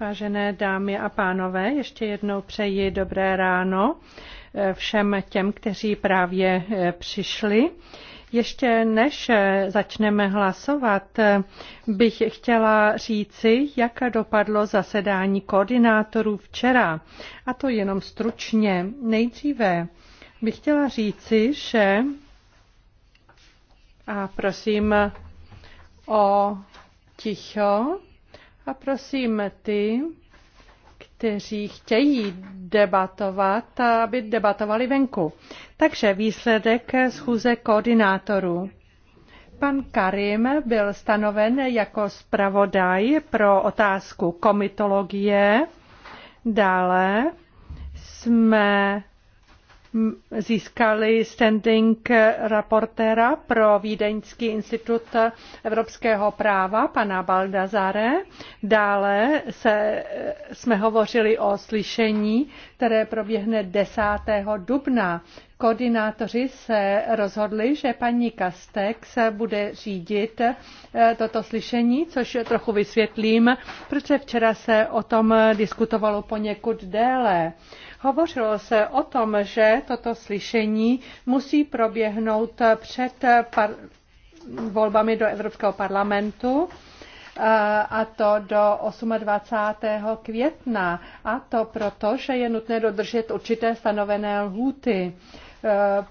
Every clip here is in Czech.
Vážené dámy a pánové, ještě jednou přeji dobré ráno eh, všem těm, kteří právě eh, přišli. Ještě než eh, začneme hlasovat, bych chtěla říci, jak dopadlo zasedání koordinátorů včera. A to jenom stručně. Nejdříve bych chtěla říci, že a prosím o ticho. A prosím ty, kteří chtějí debatovat, aby debatovali venku. Takže výsledek schůze koordinátorů. Pan Karim byl stanoven jako zpravodaj pro otázku komitologie. Dále jsme získali standing reportéra pro Vídeňský institut evropského práva, pana Baldazare. Dále se, jsme hovořili o slyšení, které proběhne 10. dubna. Koordinátoři se rozhodli, že paní Kastek se bude řídit eh, toto slyšení, což trochu vysvětlím, protože včera se o tom diskutovalo poněkud déle. Hovořilo se o tom, že toto slyšení musí proběhnout před par- volbami do Evropského parlamentu eh, a to do 28. května. A to proto, že je nutné dodržet určité stanovené lhůty. Eh,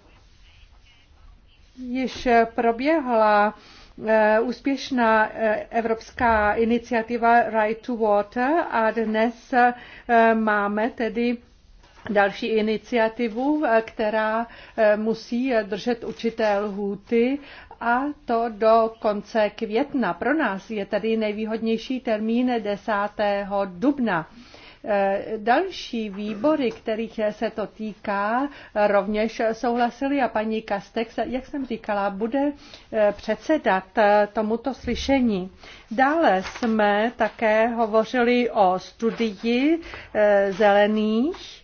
již proběhla eh, úspěšná evropská iniciativa Right to Water a dnes máme tedy další iniciativu, eh, která eh, musí držet určité lhůty a to do konce května. Pro nás je tady nejvýhodnější termín 10. dubna. Eh, další výbory, kterých se to týká, rovněž souhlasili a paní Kastex, jak jsem říkala, bude předsedat tomuto slyšení. Dále jsme také hovořili o studii zelených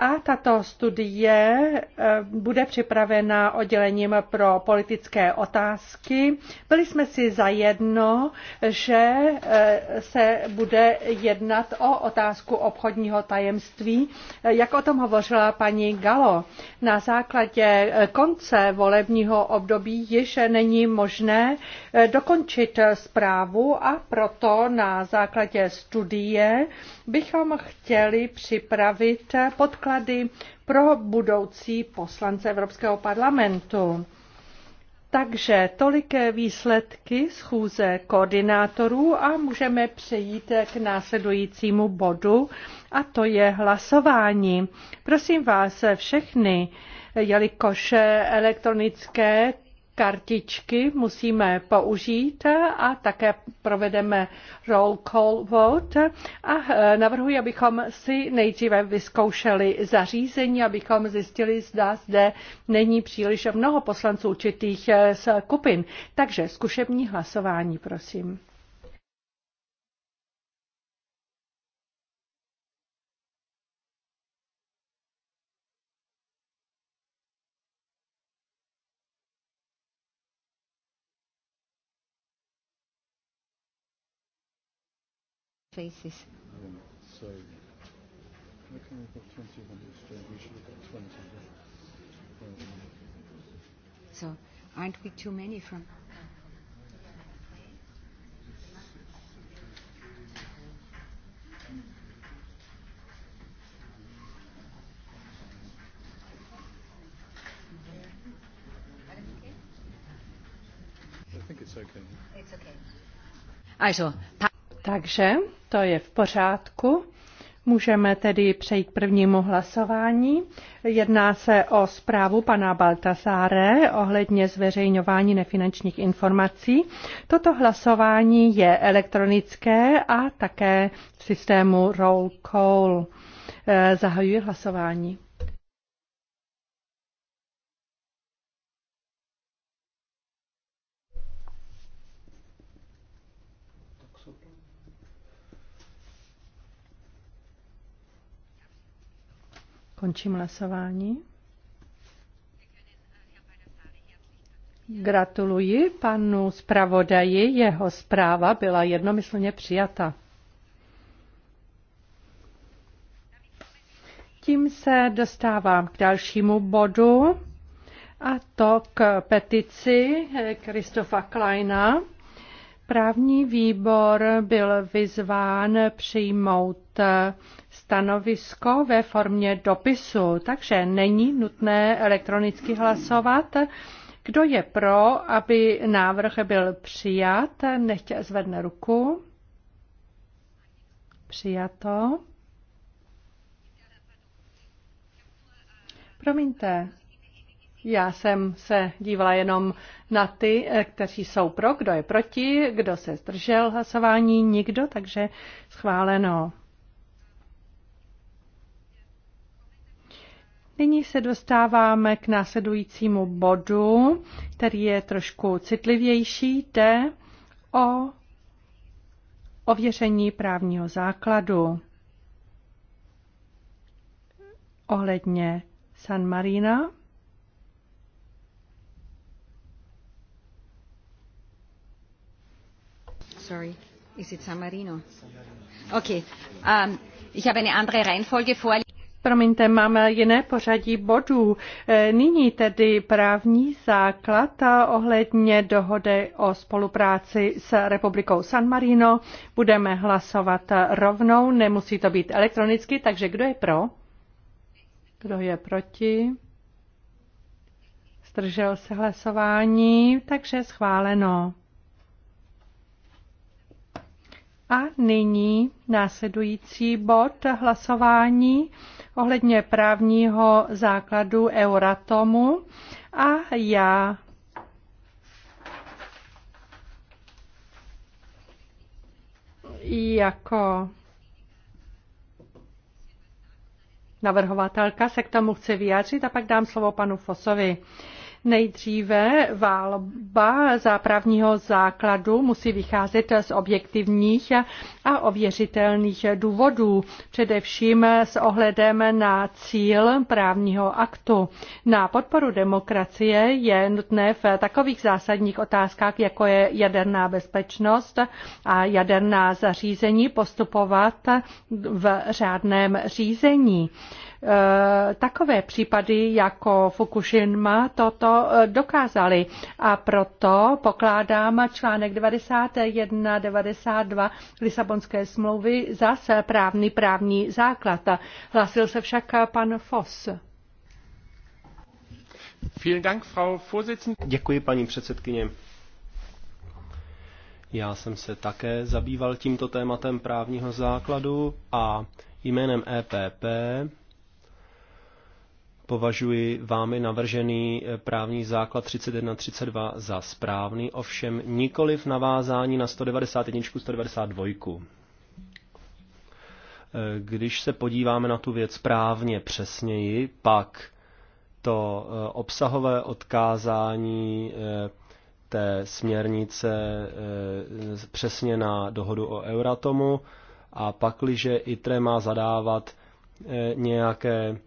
a tato studie eh, bude připravena oddělením pro politické otázky. Byli jsme si zajedno, že eh, se bude jednat o otázku obchodního tajemství, eh, jak o tom hovořila paní Galo. Na základě konce volebního období již není možné dokončit zprávu a proto na základě studie bychom chtěli připravit podklady pro budoucí poslance Evropského parlamentu. Takže toliké výsledky schůze koordinátorů a můžeme přejít k následujícímu bodu a to je hlasování. Prosím vás všechny, jelikož elektronické kartičky musíme použít a také provedeme roll call vote a eh, navrhuji, abychom si nejdříve vyzkoušeli zařízení, abychom zjistili, zda zde není příliš mnoho poslanců určitých eh, skupin. Takže zkušební hlasování, prosím. places. Um, so, looking 20 we should have got 20. Um, so, aren't we too many from? Takže to je v pořádku. Můžeme tedy přejít k prvnímu hlasování. Jedná se o zprávu pana Baltazáre ohledně zveřejňování nefinančních informací. Toto hlasování je elektronické a také v systému roll call. Eh, zahajuji hlasování. Končím hlasování. Gratuluji panu zpravodaji, jeho zpráva byla jednomyslně přijata. Tím se dostávám k dalšímu bodu, a to k petici Kristofa Kleina Správní výbor byl vyzván přijmout stanovisko ve formě dopisu, takže není nutné elektronicky hlasovat. Kdo je pro, aby návrh byl přijat, nechť zvedne ruku. Přijato. Promiňte, já jsem se dívala jenom na ty, eh, kteří jsou pro, kdo je proti, kdo se zdržel hlasování, nikdo, takže schváleno. Nyní se dostáváme k následujícímu bodu, který je trošku citlivější. Jde o ověření právního základu ohledně San Marina. sorry. Is it San Marino? Okay. Um, ich habe eine andere Reihenfolge Promiňte, máme jiné pořadí bodů. E, nyní tedy právní základ ohledně dohody o spolupráci s Republikou San Marino. Budeme hlasovat rovnou, nemusí to být elektronicky, takže kdo je pro? Kdo je proti? Zdržel se hlasování, takže schváleno. A nyní následující bod hlasování ohledně právního základu Euratomu. A já jako navrhovatelka se k tomu chci vyjádřit a pak dám slovo panu Fosovi. Nejdříve válba zápravního základu musí vycházet z objektivních a ověřitelných důvodů, především s ohledem na cíl právního aktu. Na podporu demokracie je nutné v takových zásadních otázkách, jako je jaderná bezpečnost a jaderná zařízení, postupovat v řádném řízení. Eh, takové případy jako Fukushima toto eh, dokázaly a proto pokládám článek 91 92 Lisabonské smlouvy za právný právní základ. Hlasil se však pan Foss. Děkuji, paní předsedkyně. Já jsem se také zabýval tímto tématem právního základu a jménem EPP Považuji vámi navržený eh, právní základ 3132 za správný, ovšem nikoli v navázání na 191, 192. Eh, když se podíváme na tu věc právně přesněji, pak to eh, obsahové odkázání té směrnice přesně na dohodu o Euratomu a pakliže ITRE má zadávat nějaké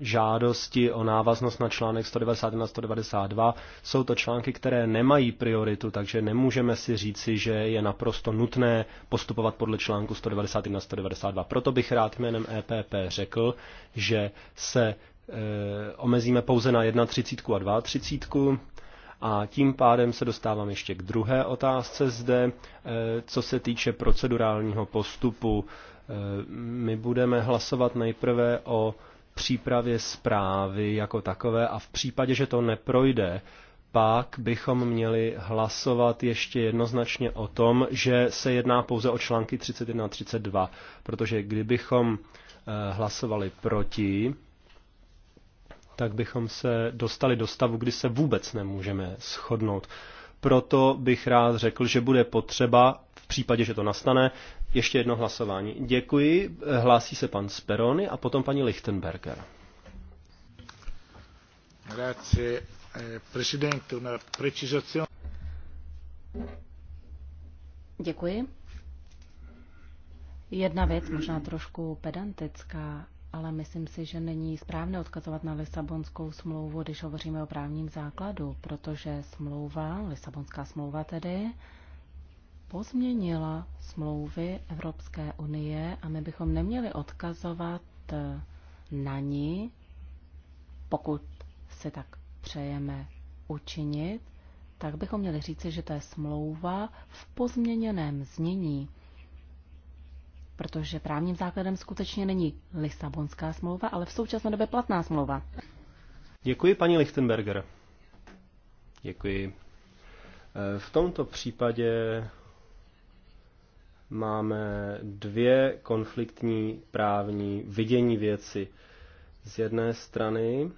žádosti o návaznost na článek 191 192. Jsou to články, které nemají prioritu, takže nemůžeme si říci, že je naprosto nutné postupovat podle článku 191 192. Proto bych rád jménem EPP řekl, že se e, omezíme pouze na 1.30 a 2.30. A tím pádem se dostávám ještě k druhé otázce zde, e, co se týče procedurálního postupu. E, my budeme hlasovat nejprve o přípravě zprávy jako takové a v případě, že to neprojde, pak bychom měli hlasovat ještě jednoznačně o tom, že se jedná pouze o články 31 a 32, protože kdybychom eh, hlasovali proti, tak bychom se dostali do stavu, kdy se vůbec nemůžeme shodnout. Proto bych rád řekl, že bude potřeba, v případě, že to nastane, ještě jedno hlasování. Děkuji. Hlásí se pan Sperony a potom paní Lichtenberger. Grazie, eh, presidente, una precisazione. Děkuji. Jedna věc, možná trošku pedantická ale myslím si, že není správné odkazovat na Lisabonskou smlouvu, když hovoříme o právním základu, protože smlouva, Lisabonská smlouva tedy, pozměnila smlouvy Evropské unie a my bychom neměli odkazovat eh, na ní, pokud si tak přejeme učinit, tak bychom měli říci, že to je smlouva v pozměněném znění protože právním základem skutečně není Lisabonská smlouva, ale v současné době platná smlouva. Děkuji, paní Lichtenberger. Děkuji. Eh, v tomto případě máme dvě konfliktní právní vidění věci. Z jedné strany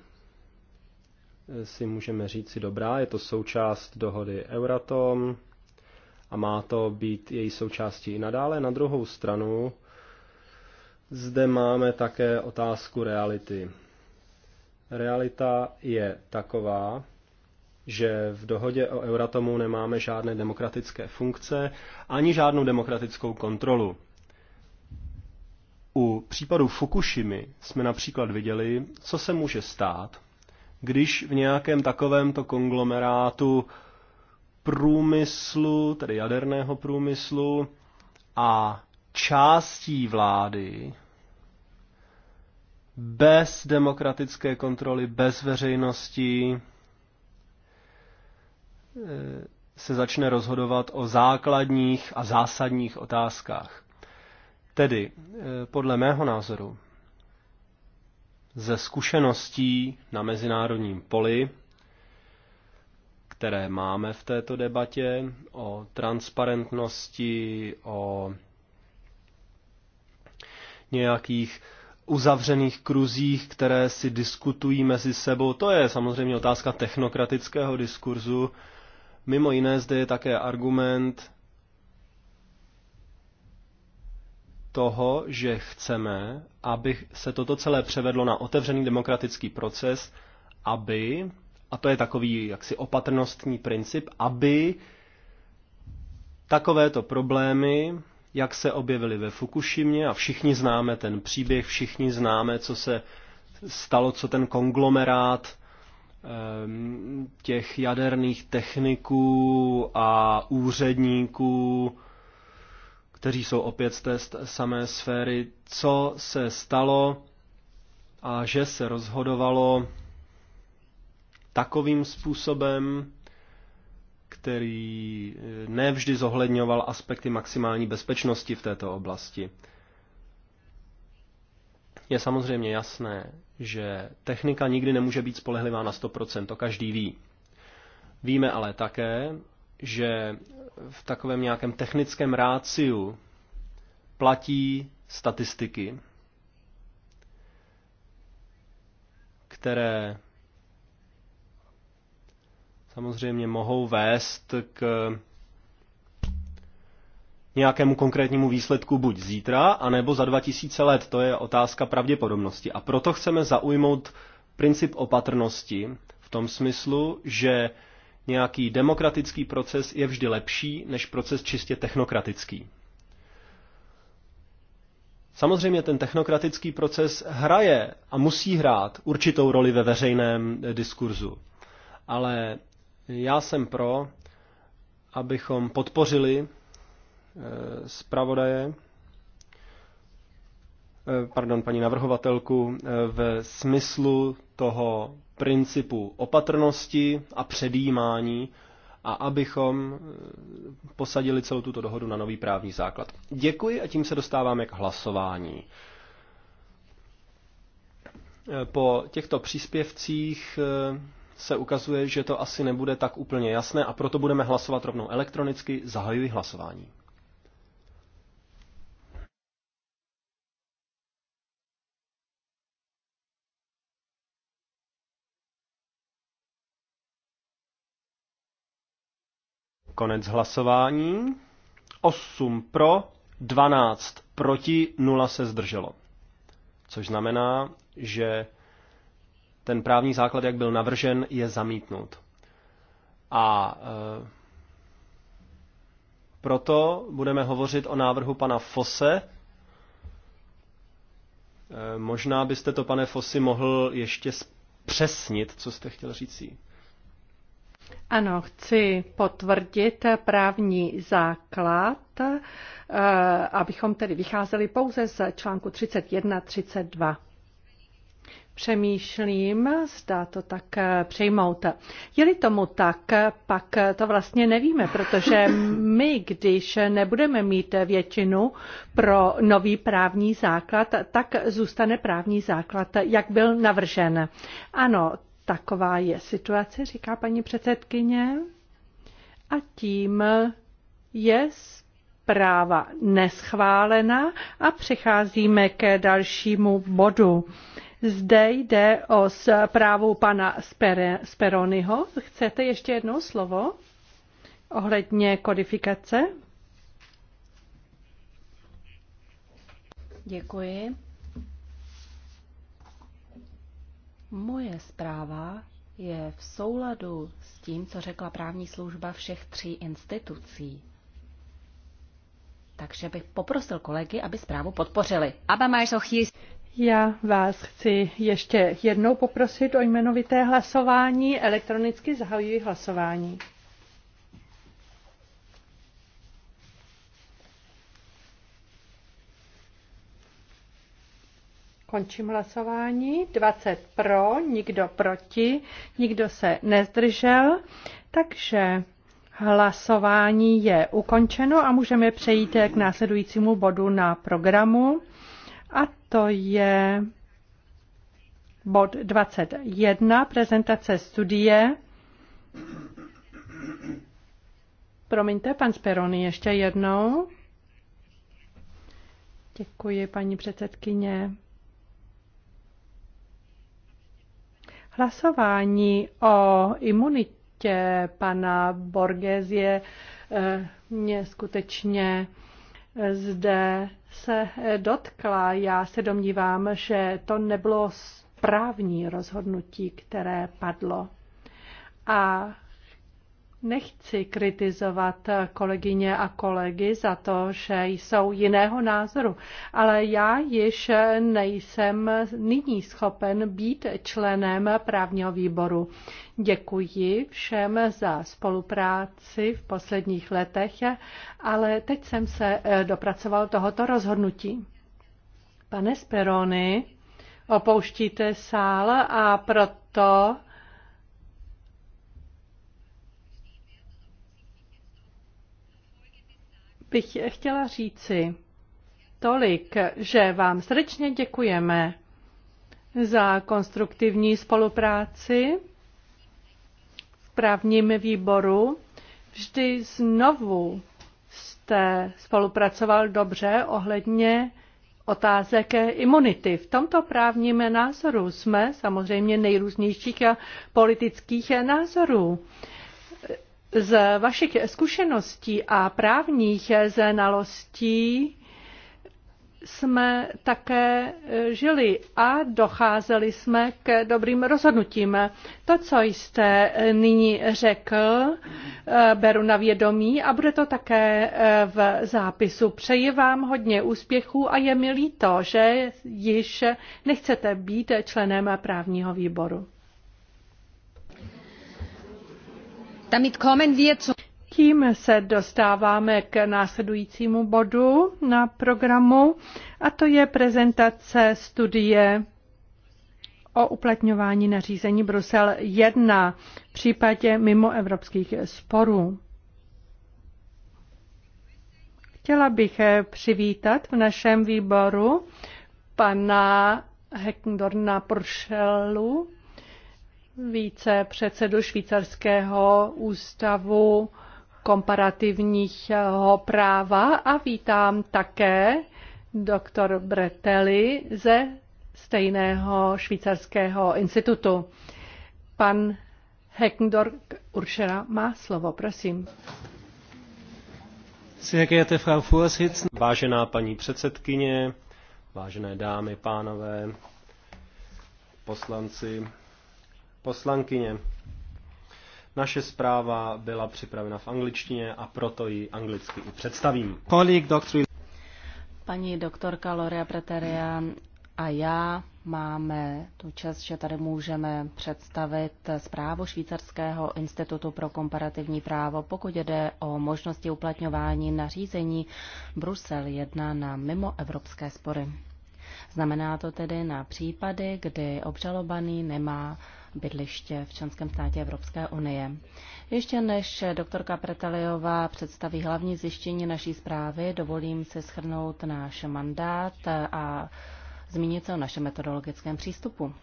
eh, si můžeme říci dobrá, je to součást dohody Euratom, a má to být její součástí. Nadále na druhou stranu zde máme také otázku reality. Realita je taková, že v dohodě o Euratomu nemáme žádné demokratické funkce ani žádnou demokratickou kontrolu. U případu Fukushimy jsme například viděli, co se může stát, když v nějakém takovémto konglomerátu průmyslu, tedy jaderného průmyslu a částí vlády bez demokratické kontroly, bez veřejnosti eh, se začne rozhodovat o základních a zásadních otázkách. Tedy, eh, podle mého názoru, ze zkušeností na mezinárodním poli které máme v této debatě, o transparentnosti, o nějakých uzavřených kruzích, které si diskutují mezi sebou. To je samozřejmě otázka technokratického diskurzu. Mimo jiné zde je také argument toho, že chceme, aby se toto celé převedlo na otevřený demokratický proces, aby a to je takový jaksi opatrnostní princip, aby takovéto problémy, jak se objevily ve Fukušimě, a všichni známe ten příběh, všichni známe, co se stalo, co ten konglomerát ehm, těch jaderných techniků a úředníků, kteří jsou opět z té samé sféry, co se stalo a že se rozhodovalo takovým způsobem, který eh, nevždy zohledňoval aspekty maximální bezpečnosti v této oblasti. Je samozřejmě jasné, že technika nikdy nemůže být spolehlivá na 100%, to každý ví. Víme ale také, že v takovém nějakém technickém ráciu platí statistiky, které samozřejmě mohou vést k nějakému konkrétnímu výsledku buď zítra, anebo za 2000 let. To je otázka pravděpodobnosti. A proto chceme zaujmout princip opatrnosti v tom smyslu, že nějaký demokratický proces je vždy lepší než proces čistě technokratický. Samozřejmě ten technokratický proces hraje a musí hrát určitou roli ve veřejném eh, diskurzu. Ale já jsem pro, abychom podpořili eh, zpravodaje, eh, pardon, paní navrhovatelku, eh, v smyslu toho principu opatrnosti a předjímání a abychom posadili celou tuto dohodu na nový právní základ. Děkuji a tím se dostáváme k hlasování. Po těchto příspěvcích se ukazuje, že to asi nebude tak úplně jasné a proto budeme hlasovat rovnou elektronicky. Zahajuji hlasování. Konec hlasování. 8 pro, 12 proti, 0 se zdrželo. Což znamená, že ten právní základ, jak byl navržen, je zamítnut. A e, proto budeme hovořit o návrhu pana Fose. E, možná byste to, pane Fosi, mohl ještě přesnit, co jste chtěl říct. Ano, chci potvrdit právní základ, e, abychom tedy vycházeli pouze z článku 31-32 přemýšlím, zda to tak eh, přejmout. Je-li tomu tak, pak to vlastně nevíme, protože my, když nebudeme mít většinu pro nový právní základ, tak zůstane právní základ, jak byl navržen. Ano, taková je situace, říká paní předsedkyně. A tím je zpráva neschválena a přecházíme ke dalšímu bodu. Zde jde o zprávu pana Speroniho. Chcete ještě jednou slovo ohledně kodifikace? Děkuji. Moje zpráva je v souladu s tím, co řekla právní služba všech tří institucí. Takže bych poprosil kolegy, aby zprávu podpořili. Já vás chci ještě jednou poprosit o jmenovité hlasování. Elektronicky zahajuji hlasování. Končím hlasování. 20 pro, nikdo proti, nikdo se nezdržel, takže hlasování je ukončeno a můžeme přejít k následujícímu bodu na programu a to je bod 21, prezentace studie. Promiňte, pan Speroni, ještě jednou. Děkuji, paní předsedkyně. Hlasování o imunitě pana Borgesie eh, mě skutečně zde se dotkla. Já se domnívám, že to nebylo správní rozhodnutí, které padlo. A Nechci kritizovat kolegyně a kolegy za to, že jsou jiného názoru, ale já již nejsem nyní schopen být členem právního výboru. Děkuji všem za spolupráci v posledních letech, ale teď jsem se eh, dopracoval tohoto rozhodnutí. Pane Sperony, opouštíte sál a proto bych chtěla říci tolik, že vám srdečně děkujeme za konstruktivní spolupráci v právním výboru. Vždy znovu jste spolupracoval dobře ohledně otázek imunity. V tomto právním názoru jsme samozřejmě nejrůznějších politických názorů. Z vašich zkušeností a právních znalostí jsme také žili a docházeli jsme k dobrým rozhodnutím. To, co jste nyní řekl, beru na vědomí a bude to také v zápisu. Přeji vám hodně úspěchů a je mi líto, že již nechcete být členem právního výboru. Tím se dostáváme k následujícímu bodu na programu a to je prezentace studie o uplatňování nařízení Brusel 1 v případě mimoevropských sporů. Chtěla bych eh, přivítat v našem výboru pana Heckendorna Pršelu, více předsedu švýcarského ústavu komparativního práva a vítám také doktor Breteli ze stejného švýcarského institutu. Pan Heckendorf Uršera má slovo, prosím. Vážená paní předsedkyně, vážené dámy, pánové, poslanci, poslankyně. Naše zpráva byla připravena v angličtině a proto ji anglicky i představím. Kolik Paní doktorka Loria Preteria a já máme tu čest, že tady můžeme představit zprávu Švýcarského institutu pro komparativní právo, pokud jde o možnosti uplatňování nařízení Brusel 1 na mimoevropské spory. Znamená to tedy na případy, kdy obžalobaný nemá bydliště v členském státě Evropské unie. Ještě než doktorka Pretaliová představí hlavní zjištění naší zprávy, dovolím si schrnout náš mandát a zmínit se o našem metodologickém přístupu.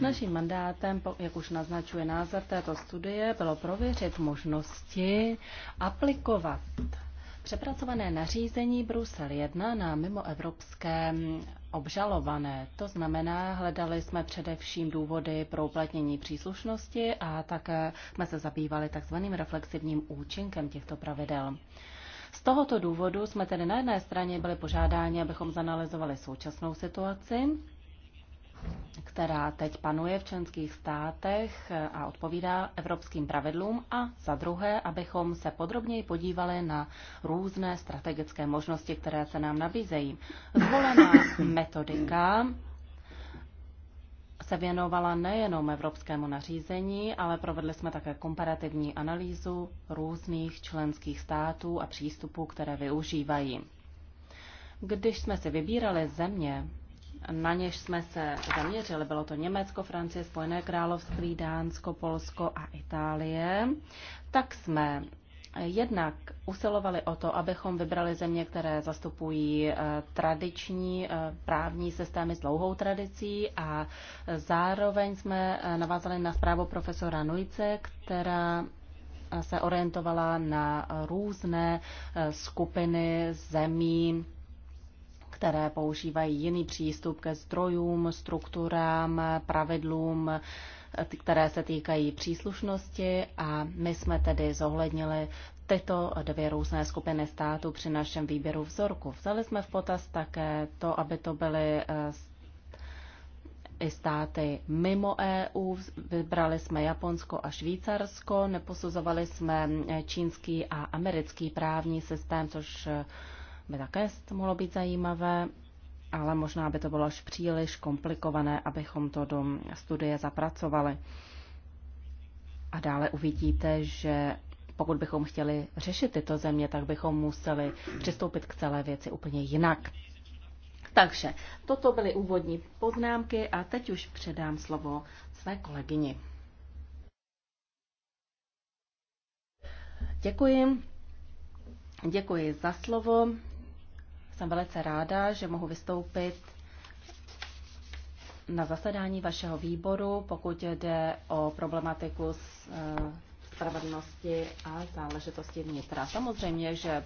Naším mandátem, jak už naznačuje název této studie, bylo prověřit možnosti aplikovat přepracované nařízení Brusel 1 na mimoevropské obžalované. To znamená, hledali jsme především důvody pro uplatnění příslušnosti a také jsme se zabývali takzvaným reflexivním účinkem těchto pravidel. Z tohoto důvodu jsme tedy na jedné straně byli požádáni, abychom zanalizovali současnou situaci která teď panuje v členských státech a odpovídá evropským pravidlům a za druhé, abychom se podrobněji podívali na různé strategické možnosti, které se nám nabízejí. Zvolená metodika se věnovala nejenom evropskému nařízení, ale provedli jsme také komparativní analýzu různých členských států a přístupů, které využívají. Když jsme si vybírali země, na něž jsme se zaměřili. Bylo to Německo, Francie, Spojené království, Dánsko, Polsko a Itálie. Tak jsme jednak usilovali o to, abychom vybrali země, které zastupují eh, tradiční eh, právní systémy s dlouhou tradicí a zároveň jsme eh, navázali na zprávu profesora Nujce, která se orientovala na různé skupiny zemí které používají jiný přístup ke zdrojům, strukturám, pravidlům, které se týkají příslušnosti a my jsme tedy zohlednili tyto dvě různé skupiny států při našem výběru vzorku. Vzali jsme v potaz také to, aby to byly eh, i státy mimo EU. Vybrali jsme Japonsko a Švýcarsko, neposuzovali jsme čínský a americký právní systém, což eh, by také mohlo být zajímavé, ale možná by to bylo až příliš komplikované, abychom to do studie zapracovali. A dále uvidíte, že pokud bychom chtěli řešit tyto země, tak bychom museli přistoupit k celé věci úplně jinak. Takže toto byly úvodní poznámky a teď už předám slovo své kolegyni. Děkuji. Děkuji za slovo. Jsem velice ráda, že mohu vystoupit na zasedání vašeho výboru, pokud jde o problematiku s eh, spravedlnosti a záležitosti vnitra. Samozřejmě, že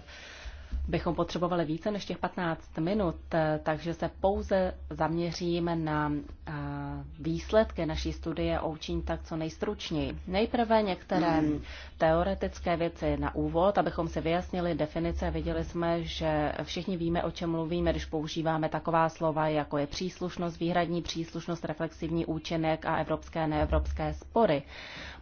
bychom potřebovali více než těch 15 minut, eh, takže se pouze zaměříme na eh, výsledky naší studie o učení tak co nejstručněji. Nejprve některé hmm. teoretické věci na úvod, abychom si vyjasnili definice. Viděli jsme, že všichni víme, o čem mluvíme, když používáme taková slova, jako je příslušnost, výhradní příslušnost, reflexivní účinek a evropské neevropské spory.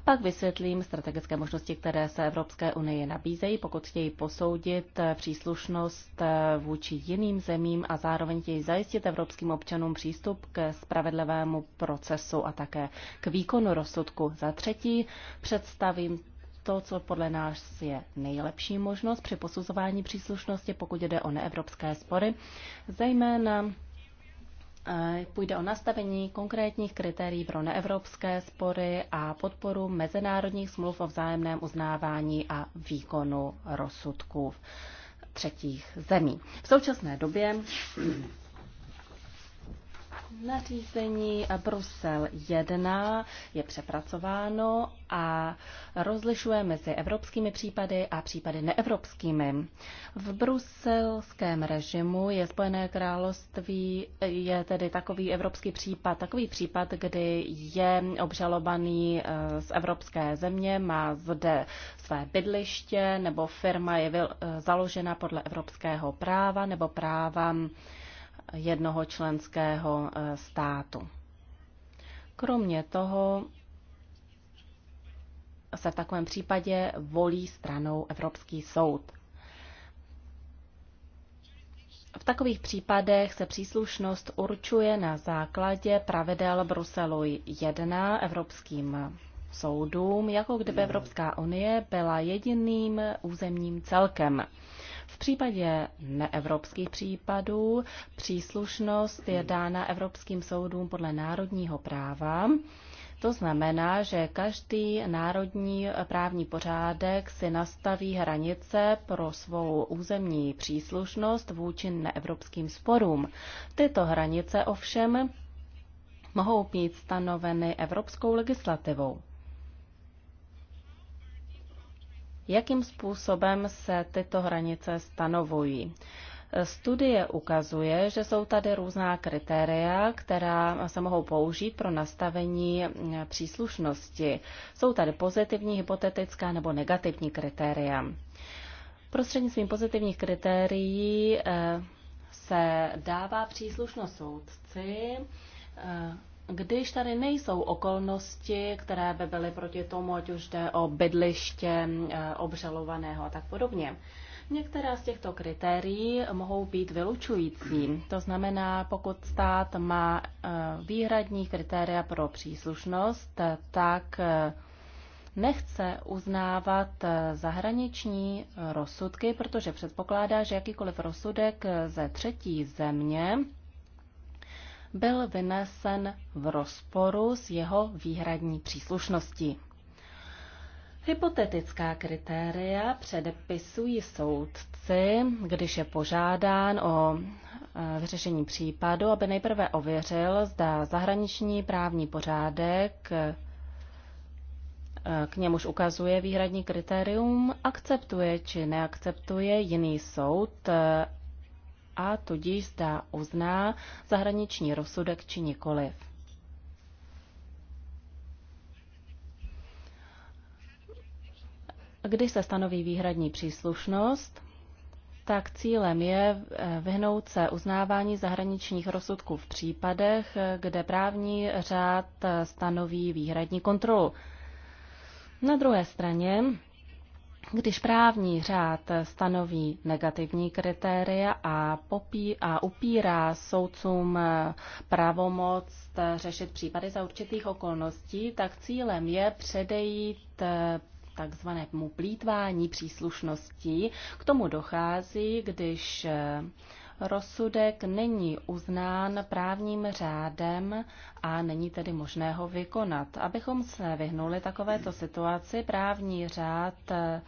Pak vysvětlím strategické možnosti, které se Evropské unii nabízejí, pokud chtějí posoudit eh, příslušnost příslušnost eh, vůči jiným zemím a zároveň chtějí zajistit evropským občanům přístup ke spravedlivému procesu a také k výkonu rozsudku. Za třetí představím to, co podle nás je nejlepší možnost při posuzování příslušnosti, pokud jde o neevropské spory, zejména eh, Půjde o nastavení konkrétních kritérií pro neevropské spory a podporu mezinárodních smluv o vzájemném uznávání a výkonu rozsudků třetích zemí. V současné době Nařízení Brusel 1 je přepracováno a rozlišuje mezi evropskými případy a případy neevropskými. V bruselském režimu je Spojené království, je tedy takový evropský případ, takový případ, kdy je obžalovaný eh, z evropské země, má zde své bydliště nebo firma je eh, založena podle evropského práva nebo práva jednoho členského eh, státu. Kromě toho se v takovém případě volí stranou Evropský soud. V takových případech se příslušnost určuje na základě pravidel Bruselu 1 Evropským soudům, jako kdyby Evropská unie byla jediným územním celkem. V případě neevropských případů příslušnost je dána evropským soudům podle národního práva. To znamená, že každý národní právní pořádek si nastaví hranice pro svou územní příslušnost vůči neevropským sporům. Tyto hranice ovšem mohou být stanoveny evropskou legislativou. jakým způsobem se tyto hranice stanovují. Studie ukazuje, že jsou tady různá kritéria, která se mohou použít pro nastavení příslušnosti. Jsou tady pozitivní, hypotetická nebo negativní kritéria. Prostřednictvím pozitivních kritérií eh, se dává příslušnost soudci eh, když tady nejsou okolnosti, které by byly proti tomu, ať už jde o bydliště eh, obžalovaného a tak podobně. Některá z těchto kritérií mohou být vylučující. To znamená, pokud stát má eh, výhradní kritéria pro příslušnost, tak eh, nechce uznávat zahraniční rozsudky, protože předpokládá, že jakýkoliv rozsudek ze třetí země byl vynesen v rozporu s jeho výhradní příslušností. Hypotetická kritéria předepisují soudci, když je požádán o e, vyřešení případu, aby nejprve ověřil, zda zahraniční právní pořádek e, k němuž ukazuje výhradní kritérium, akceptuje či neakceptuje jiný soud e, a tudíž zda uzná zahraniční rozsudek či nikoliv. Když se stanoví výhradní příslušnost, tak cílem je eh, vyhnout se uznávání zahraničních rozsudků v případech, eh, kde právní řád eh, stanoví výhradní kontrolu. Na druhé straně když právní řád stanoví negativní kritéria a, popí, a upírá soudcům eh, pravomoc eh, řešit případy za určitých okolností, tak cílem je předejít eh, takzvanému plítvání příslušností. K tomu dochází, když rozsudek není uznán právním řádem a není tedy možné ho vykonat. Abychom se vyhnuli takovéto situaci, právní řád eh,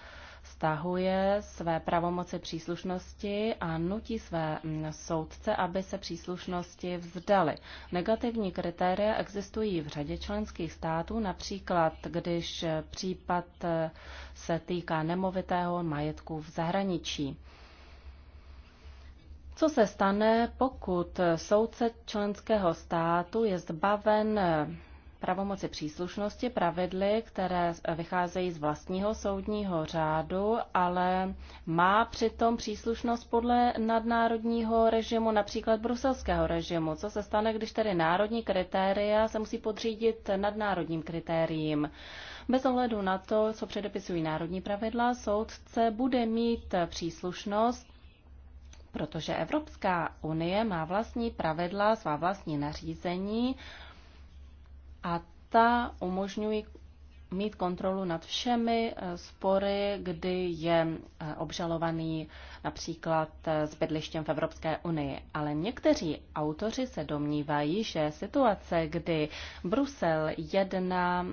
stahuje své pravomoci příslušnosti a nutí své mm, soudce, aby se příslušnosti vzdali. Negativní kritéria existují v řadě členských států, například když případ eh, se týká nemovitého majetku v zahraničí. Co se stane, pokud soudce členského státu je zbaven eh, pravomoci příslušnosti pravidly, které vycházejí z vlastního soudního řádu, ale má přitom příslušnost podle nadnárodního režimu, například bruselského režimu. Co se stane, když tedy národní kritéria se musí podřídit nadnárodním kritériím? Bez ohledu na to, co předepisují národní pravidla, soudce bude mít příslušnost protože Evropská unie má vlastní pravidla, svá vlastní nařízení a ta umožňují mít kontrolu nad všemi eh, spory, kdy je eh, obžalovaný například eh, s bydlištěm v Evropské unii. Ale někteří autoři se domnívají, že situace, kdy Brusel jedná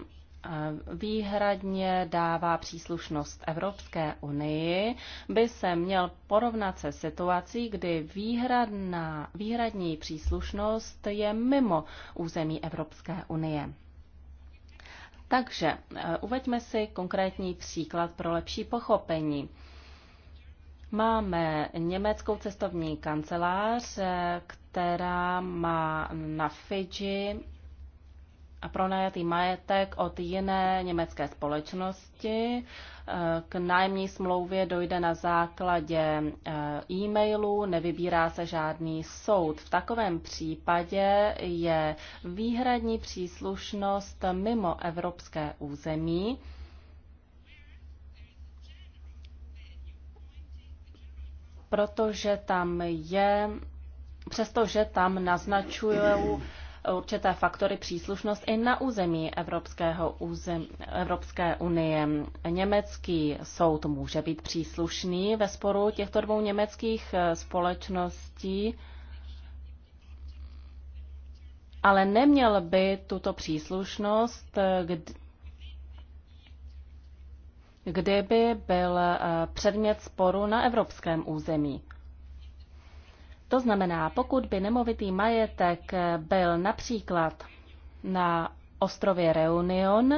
Eh, výhradně dává příslušnost Evropské unii, by se měl porovnat se situací, kdy výhradná, výhradní příslušnost je mimo území Evropské unie. Takže eh, uveďme si konkrétní příklad pro lepší pochopení. Máme německou cestovní kancelář, eh, která má na Fidži a pronajatý majetek od jiné německé společnosti. K nájemní smlouvě dojde na základě eh, e-mailu, nevybírá se žádný soud. V takovém případě je výhradní příslušnost mimo evropské území. protože tam je, přestože tam naznačují určité faktory příslušnost i na území Evropského území, Evropské unie. Německý soud může být příslušný ve sporu těchto dvou německých eh, společností, ale neměl by tuto příslušnost, eh, kdyby byl eh, předmět sporu na evropském území. To znamená, pokud by nemovitý majetek byl například na ostrově Reunion,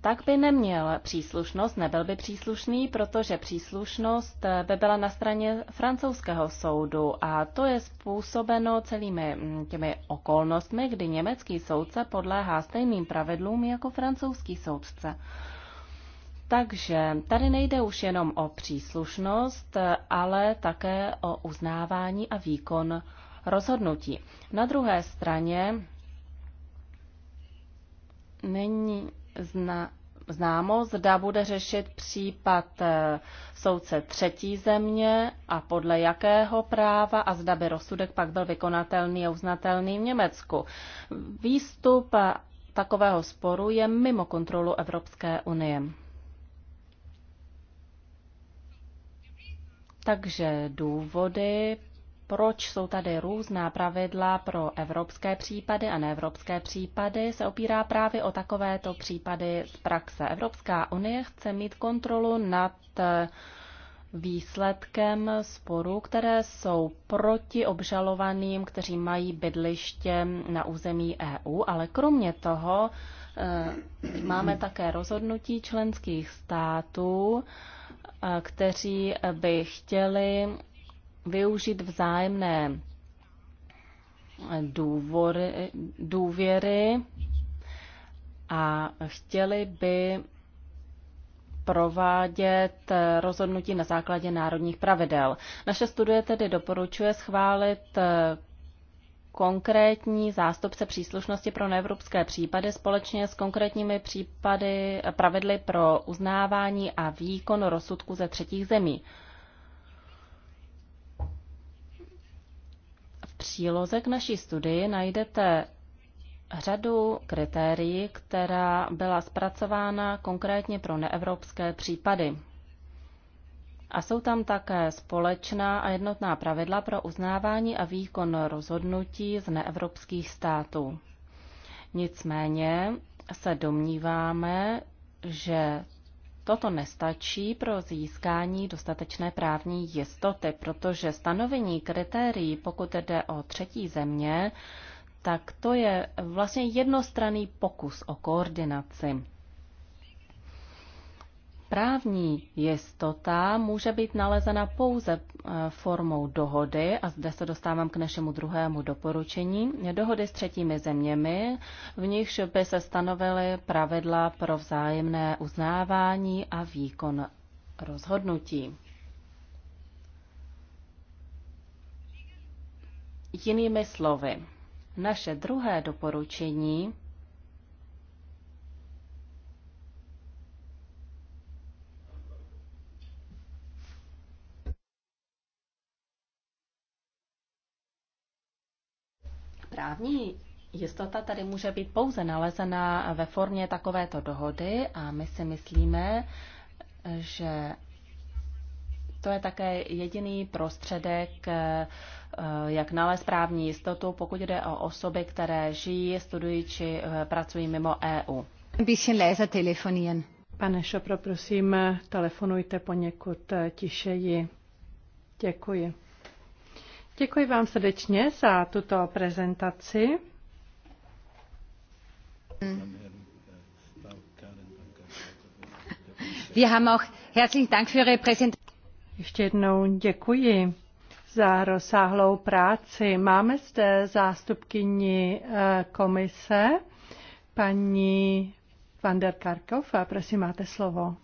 tak by neměl příslušnost, nebyl by příslušný, protože příslušnost by byla na straně francouzského soudu a to je způsobeno celými mm, těmi okolnostmi, kdy německý soudce podléhá stejným pravidlům jako francouzský soudce. Takže tady nejde už jenom o příslušnost, ale také o uznávání a výkon rozhodnutí. Na druhé straně není zna, známo, zda bude řešit případ eh, soudce třetí země a podle jakého práva a zda by rozsudek pak byl vykonatelný a uznatelný v Německu. Výstup takového sporu je mimo kontrolu Evropské unie. Takže důvody, proč jsou tady různá pravidla pro evropské případy a neevropské případy, se opírá právě o takovéto případy z praxe. Evropská unie chce mít kontrolu nad eh, výsledkem sporů, které jsou proti obžalovaným, kteří mají bydliště na území EU, ale kromě toho eh, máme také rozhodnutí členských států, kteří by chtěli využít vzájemné důvory, důvěry a chtěli by provádět rozhodnutí na základě národních pravidel. Naše studie tedy doporučuje schválit konkrétní zástupce příslušnosti pro neevropské případy společně s konkrétními případy eh, pravidly pro uznávání a výkon rozsudku ze třetích zemí. V příloze k naší studii najdete řadu kritérií, která byla zpracována konkrétně pro neevropské případy. A jsou tam také společná a jednotná pravidla pro uznávání a výkon rozhodnutí z neevropských států. Nicméně se domníváme, že toto nestačí pro získání dostatečné právní jistoty, protože stanovení kritérií, pokud jde o třetí země, tak to je vlastně jednostranný pokus o koordinaci. Právní jistota může být nalezena pouze eh, formou dohody, a zde se dostávám k našemu druhému doporučení, dohody s třetími zeměmi, v nichž by se stanovily pravidla pro vzájemné uznávání a výkon rozhodnutí. Jinými slovy, naše druhé doporučení Právní jistota tady může být pouze nalezena ve formě takovéto dohody a my si myslíme, že to je také jediný prostředek, eh, jak nalézt právní jistotu, pokud jde o osoby, které žijí, studují či eh, pracují mimo EU. Pane Šopro, prosím, eh, telefonujte poněkud tišeji. Děkuji. Děkuji vám srdečně za tuto prezentaci. Wir haben auch herzlichen Dank für Ihre Präsentation. Ještě jednou děkuji za rozsáhlou práci. Máme zde zástupkyni eh, komise, paní van der Karkov. Prosím, máte slovo.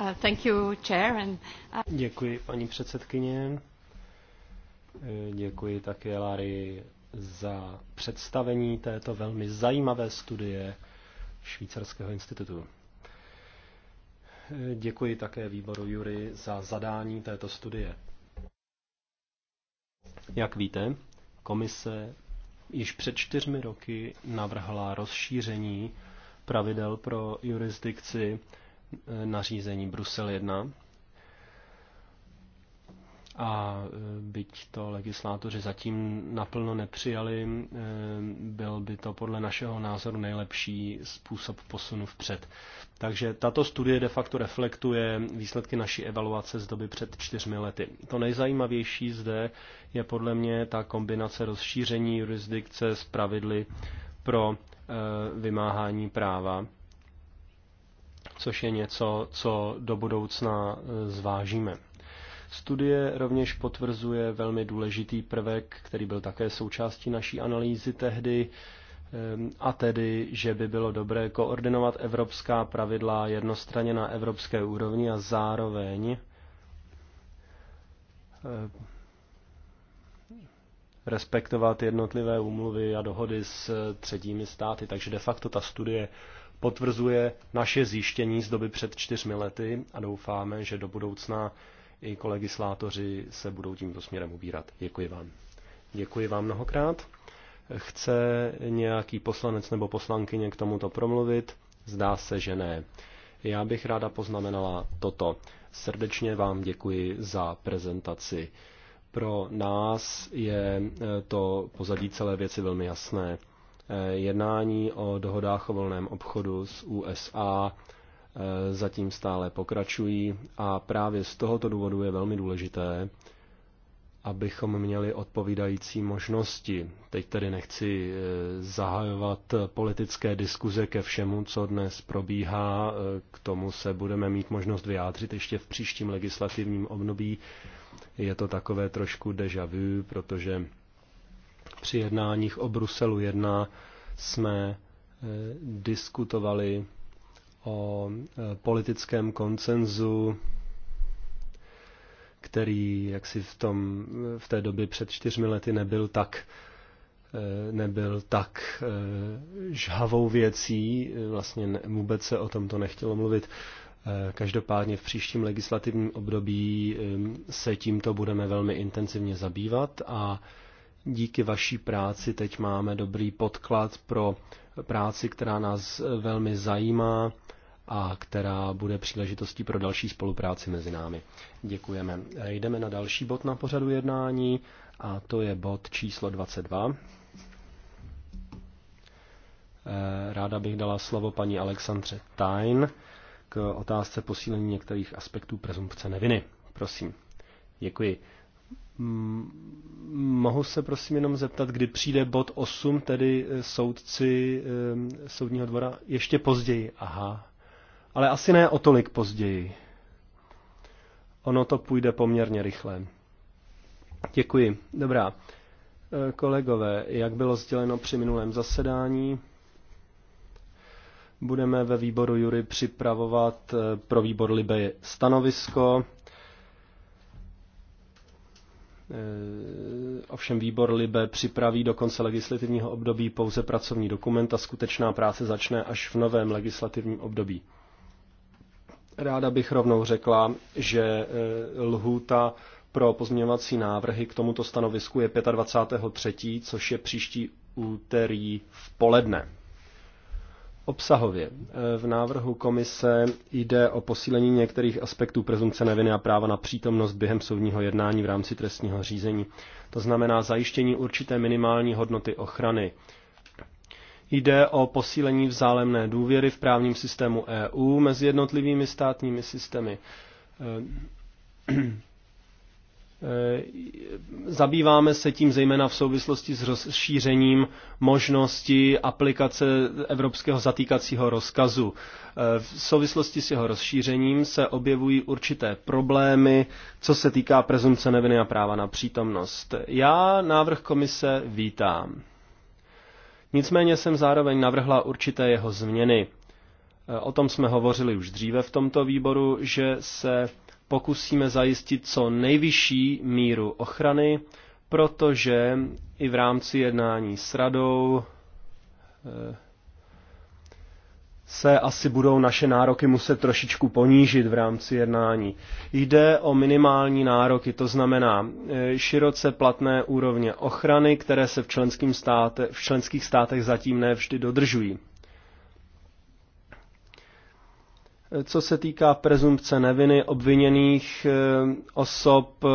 Uh, thank you, chair, and... Uh, děkuji, paní předsedkyně. Děkuji také Lary za představení této velmi zajímavé studie Švýcarského institutu. Děkuji také výboru Jury za zadání této studie. Jak víte, komise již před čtyřmi roky navrhla rozšíření pravidel pro jurisdikci eh, nařízení Brusel 1 a e, byť to legislátoři zatím naplno nepřijali, e, byl by to podle našeho názoru nejlepší způsob posunu vpřed. Takže tato studie de facto reflektuje výsledky naší evaluace z doby před čtyřmi lety. To nejzajímavější zde je podle mě ta kombinace rozšíření jurisdikce s pravidly pro e, vymáhání práva, což je něco, co do budoucna zvážíme. Studie rovněž potvrzuje velmi důležitý prvek, který byl také součástí naší analýzy tehdy, ehm, a tedy, že by bylo dobré koordinovat evropská pravidla jednostranně na evropské úrovni a zároveň ehm, respektovat jednotlivé úmluvy a dohody s třetími státy. Takže de facto ta studie potvrzuje naše zjištění z doby před čtyřmi lety a doufáme, že do budoucna i kolegislátoři se budou tímto směrem ubírat. Děkuji vám. Děkuji vám mnohokrát. Chce nějaký poslanec nebo poslankyně k tomuto promluvit? Zdá se, že ne. Já bych ráda poznamenala toto. Srdečně vám děkuji za prezentaci. Pro nás je eh, to pozadí celé věci velmi jasné. Eh, jednání o dohodách o volném obchodu s USA Eh, zatím stále pokračují a právě z tohoto důvodu je velmi důležité, abychom měli odpovídající možnosti. Teď tedy nechci eh, zahajovat politické diskuze ke všemu, co dnes probíhá. Eh, k tomu se budeme mít možnost vyjádřit ještě v příštím legislativním období. Je to takové trošku deja vu, protože při jednáních o Bruselu 1 jsme diskutovali o e, politickém koncenzu, který jaksi v, tom, v té době před čtyřmi lety nebyl tak e, nebyl tak e, žhavou věcí, vlastně vůbec se o tom to nechtělo mluvit. Každopádně v příštím legislativním období se tímto budeme velmi intenzivně zabývat a díky vaší práci teď máme dobrý podklad pro práci, která nás velmi zajímá a která bude příležitostí pro další spolupráci mezi námi. Děkujeme. Jdeme na další bod na pořadu jednání a to je bod číslo 22. Eh, ráda bych dala slovo paní Alexandře Tain k otázce posílení některých aspektů prezumpce neviny. Prosím. Děkuji. Mohu se prosím jenom zeptat, kdy přijde bod 8, tedy soudci eh, soudního dvora, ještě později. Aha, ale asi ne o tolik později. Ono to půjde poměrně rychle. Děkuji. Dobrá. E, kolegové, jak bylo sděleno při minulém zasedání, budeme ve výboru Jury připravovat e, pro výbor Libe stanovisko. E, ovšem výbor Libe připraví do konce legislativního období pouze pracovní dokument a skutečná práce začne až v novém legislativním období. Ráda bych rovnou řekla, že e, lhůta pro pozměňovací návrhy k tomuto stanovisku je 25.3., což je příští úterý v poledne. Obsahově. E, v návrhu komise jde o posílení některých aspektů prezumce neviny a práva na přítomnost během soudního jednání v rámci trestního řízení. To znamená zajištění určité minimální hodnoty ochrany Jde o posílení vzájemné důvěry v právním systému EU mezi jednotlivými státními systémy. Eh, eh, zabýváme se tím zejména v souvislosti s rozšířením možnosti aplikace evropského zatýkacího rozkazu. Eh, v souvislosti s jeho rozšířením se objevují určité problémy, co se týká prezumce neviny a práva na přítomnost. Já návrh komise vítám. Nicméně jsem zároveň navrhla určité jeho změny. E, o tom jsme hovořili už dříve v tomto výboru, že se pokusíme zajistit co nejvyšší míru ochrany, protože i v rámci jednání s radou e, se asi budou naše nároky muset trošičku ponížit v rámci jednání. Jde o minimální nároky, to znamená e, široce platné úrovně ochrany, které se v, členským státe, v členských státech zatím nevždy dodržují. Co se týká prezumpce neviny obviněných eh, osob, eh,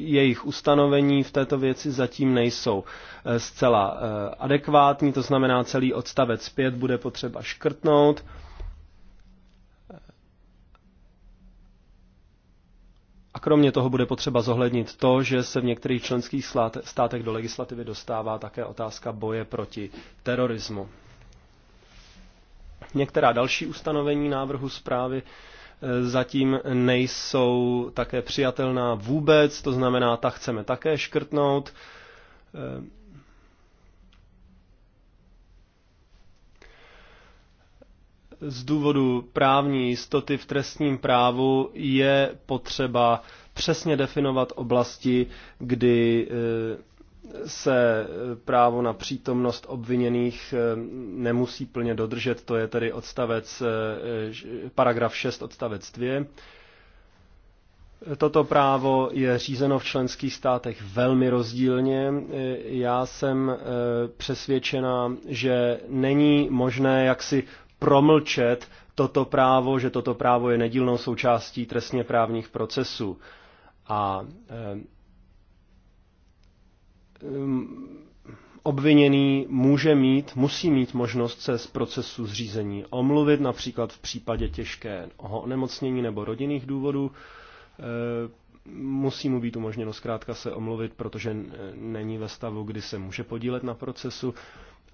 jejich ustanovení v této věci zatím nejsou eh, zcela adekvátní, to znamená celý odstavec 5 bude potřeba škrtnout. A kromě toho bude potřeba zohlednit to, že se v některých členských státech do legislativy dostává také otázka boje proti terorismu. Některá další ustanovení návrhu zprávy eh, zatím nejsou také přijatelná vůbec, to znamená, ta chceme také škrtnout. Eh, z důvodu právní jistoty v trestním právu je potřeba přesně definovat oblasti, kdy eh, se eh, právo na přítomnost obviněných eh, nemusí plně dodržet, to je tedy odstavec, eh, paragraf 6 odstavec 2. Toto právo je řízeno v členských státech velmi rozdílně. Já jsem přesvědčena, že není možné jaksi promlčet toto právo, že toto právo je nedílnou součástí trestně právních procesů. A Ehm, obviněný může mít, musí mít možnost se z procesu zřízení omluvit, například v případě těžkého onemocnění nebo rodinných důvodů. Ehm, musí mu být umožněno zkrátka se omluvit, protože není ve stavu, kdy se může podílet na procesu.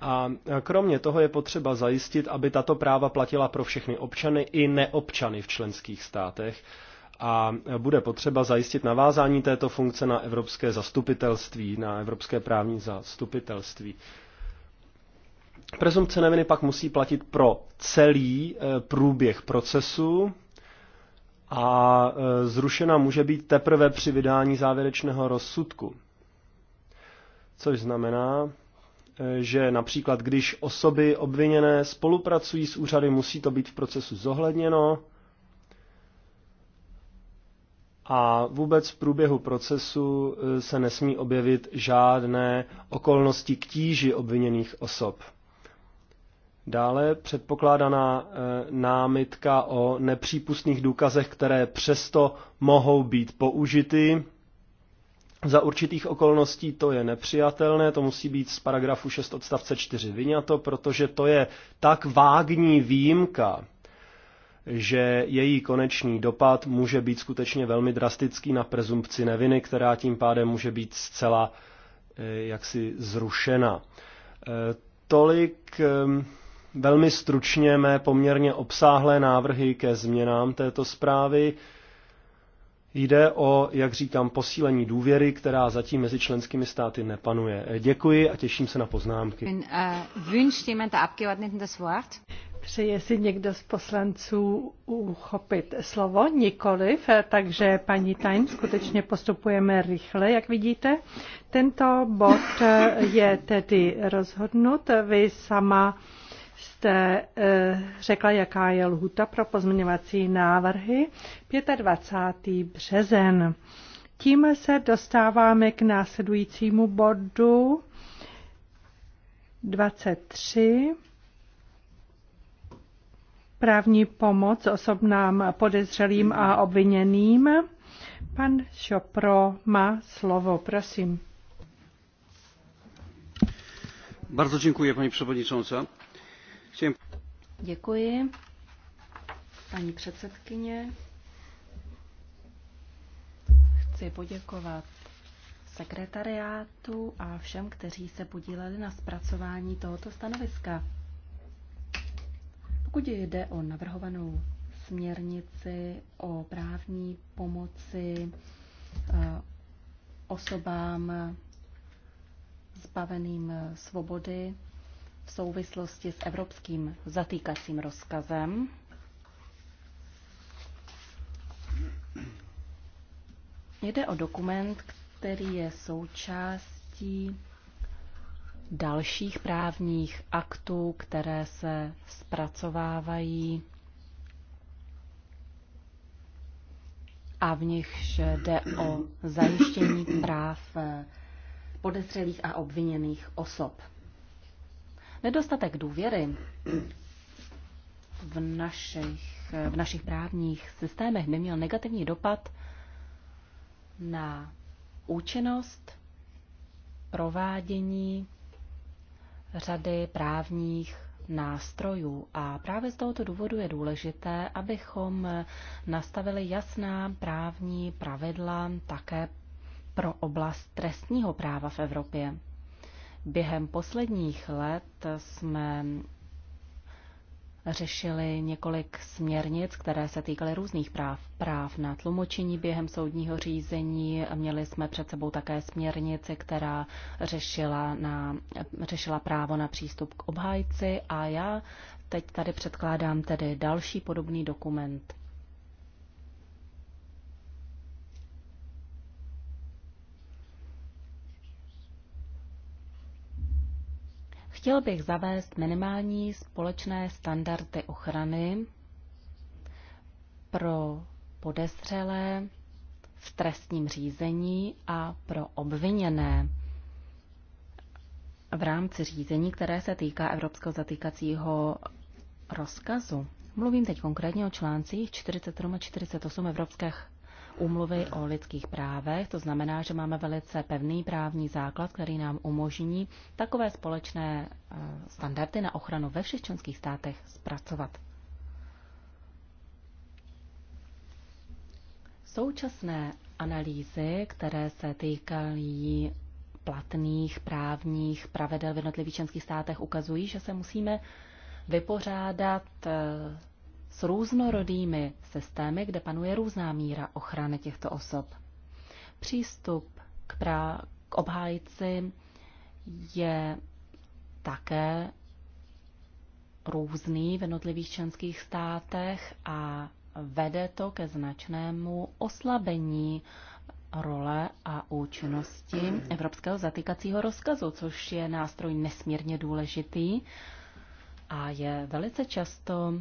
A kromě toho je potřeba zajistit, aby tato práva platila pro všechny občany i neobčany v členských státech a bude potřeba zajistit navázání této funkce na evropské zastupitelství, na evropské právní zastupitelství. Prezumce neviny pak musí platit pro celý e, průběh procesu a e, zrušena může být teprve při vydání závěrečného rozsudku. Což znamená, e, že například když osoby obviněné spolupracují s úřady, musí to být v procesu zohledněno a vůbec v průběhu procesu e, se nesmí objevit žádné okolnosti k tíži obviněných osob. Dále předpokládaná e, námitka o nepřípustných důkazech, které přesto mohou být použity. Za určitých okolností to je nepřijatelné, to musí být z paragrafu 6 odstavce 4 vyňato, protože to je tak vágní výjimka, že její konečný dopad může být skutečně velmi drastický na prezumpci neviny, která tím pádem může být zcela eh, jaksi zrušena. Eh, tolik eh, velmi stručně mé poměrně obsáhlé návrhy ke změnám této zprávy. Jde o, jak říkám, posílení důvěry, která zatím mezi členskými státy nepanuje. Děkuji a těším se na poznámky. Přeje si někdo z poslanců uchopit slovo? Nikoliv, takže paní Tajn, skutečně postupujeme rychle, jak vidíte. Tento bod je tedy rozhodnut. Vy sama jste eh, řekla, jaká je lhuta pro pozměňovací návrhy 25. březen. Tím se dostáváme k následujícímu bodu 23 právní pomoc osobnám podezřelým a obviněným. Pan Šopro má slovo, prosím. Bardzo dziękuję, pani przewodnicząca. Chciałem... Děkuji, paní předsedkyně. Chci poděkovat sekretariátu a všem, kteří se podíleli na zpracování tohoto stanoviska. Pokud jde o navrhovanou směrnici o právní pomoci eh, osobám zbaveným svobody v souvislosti s evropským zatýkacím rozkazem, jde o dokument, který je součástí dalších právních aktů, které se zpracovávají a v nichž jde o zajištění práv eh, podezřelých a obviněných osob. Nedostatek důvěry v našich, eh, v našich právních systémech by měl negativní dopad na účinnost, provádění řady právních nástrojů. A právě z tohoto důvodu je důležité, abychom nastavili jasná právní pravidla také pro oblast trestního práva v Evropě. Během posledních let jsme řešili několik směrnic, které se týkaly různých práv. Práv na tlumočení během soudního řízení. Měli jsme před sebou také směrnici, která řešila, na, řešila právo na přístup k obhájci a já teď tady předkládám tedy další podobný dokument. Chtěl bych zavést minimální společné standardy ochrany pro podezřelé v trestním řízení a pro obviněné v rámci řízení, které se týká Evropského zatýkacího rozkazu. Mluvím teď konkrétně o článcích 47 a 48 Evropských úmluvy o lidských právech. To znamená, že máme velice pevný právní základ, který nám umožní takové společné eh, standardy na ochranu ve všech členských státech zpracovat. Současné analýzy, které se týkají platných právních pravidel v jednotlivých členských státech, ukazují, že se musíme vypořádat eh, s různorodými systémy, kde panuje různá míra ochrany těchto osob. Přístup k, prá- k obhájci je také různý v jednotlivých členských státech a vede to ke značnému oslabení role a účinnosti Evropského zatýkacího rozkazu, což je nástroj nesmírně důležitý a je velice často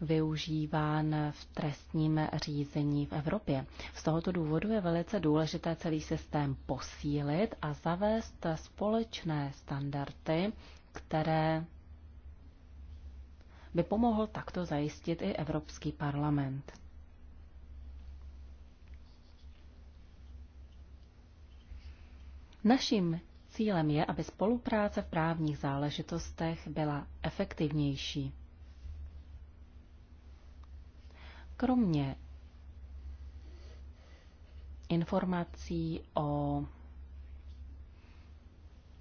využíván v trestním řízení v Evropě. Z tohoto důvodu je velice důležité celý systém posílit a zavést společné standardy, které by pomohl takto zajistit i Evropský parlament. Naším cílem je, aby spolupráce v právních záležitostech byla efektivnější. Kromě informací o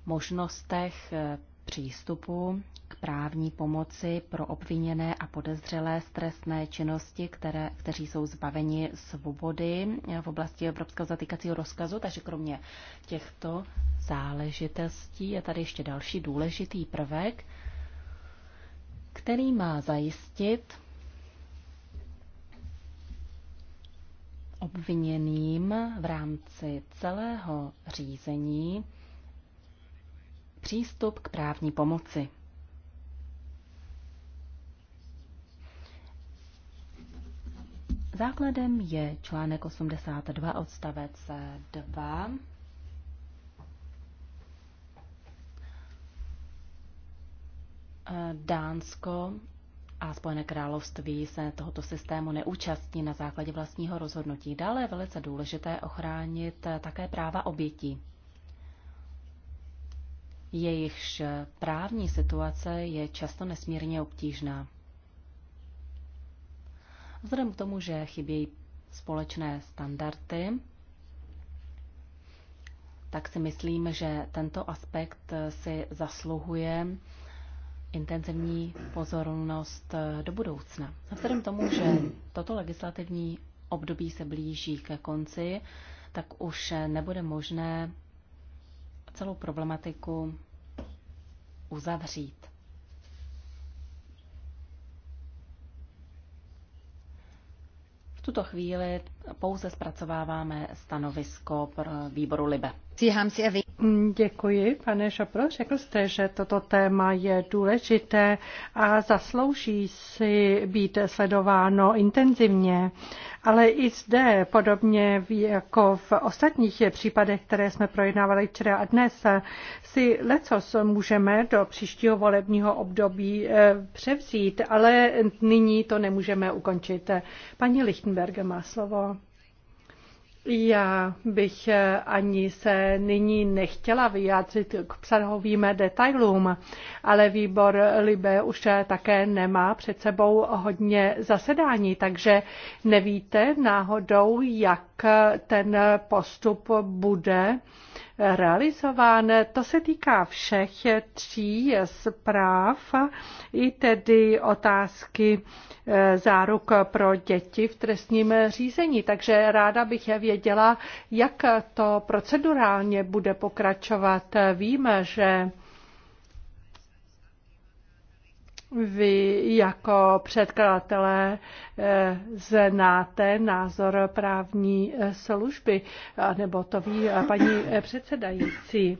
možnostech eh, přístupu k právní pomoci pro obviněné a podezřelé stresné činnosti, které, kteří jsou zbaveni svobody eh, v oblasti evropského zatýkacího rozkazu. Takže kromě těchto záležitostí je tady ještě další důležitý prvek, který má zajistit obviněným v rámci celého řízení přístup k právní pomoci. Základem je článek 82 odstavec 2. Dánsko a Spojené království se tohoto systému neúčastní na základě vlastního rozhodnutí. Dále je velice důležité ochránit také práva obětí. Jejichž právní situace je často nesmírně obtížná. Vzhledem k tomu, že chybějí společné standardy, tak si myslím, že tento aspekt si zasluhuje intenzivní pozornost eh, do budoucna. A vzhledem tomu, že toto legislativní období se blíží ke konci, tak už eh, nebude možné celou problematiku uzavřít. V tuto chvíli pouze zpracováváme stanovisko pro výboru LIBE. Mm, děkuji, pane Šopro. Řekl jste, že toto téma je důležité a zaslouží si být sledováno intenzivně. Ale i zde, podobně jako v ostatních případech, které jsme projednávali včera a dnes, si lecos můžeme do příštího volebního období eh, převzít, ale nyní to nemůžeme ukončit. Paní Lichtenberg má slovo. Já bych eh, ani se nyní nechtěla vyjádřit k obsahovým detailům, ale výbor Libe už eh, také nemá před sebou hodně zasedání, takže nevíte náhodou, jak eh, ten postup bude realizován. To se týká všech tří zpráv, i tedy otázky e, záruk pro děti v trestním řízení. Takže ráda bych je věděla, jak to procedurálně bude pokračovat. Víme, že Vy jako předkladatelé eh, znáte názor právní eh, služby, eh, nebo to ví paní předsedající.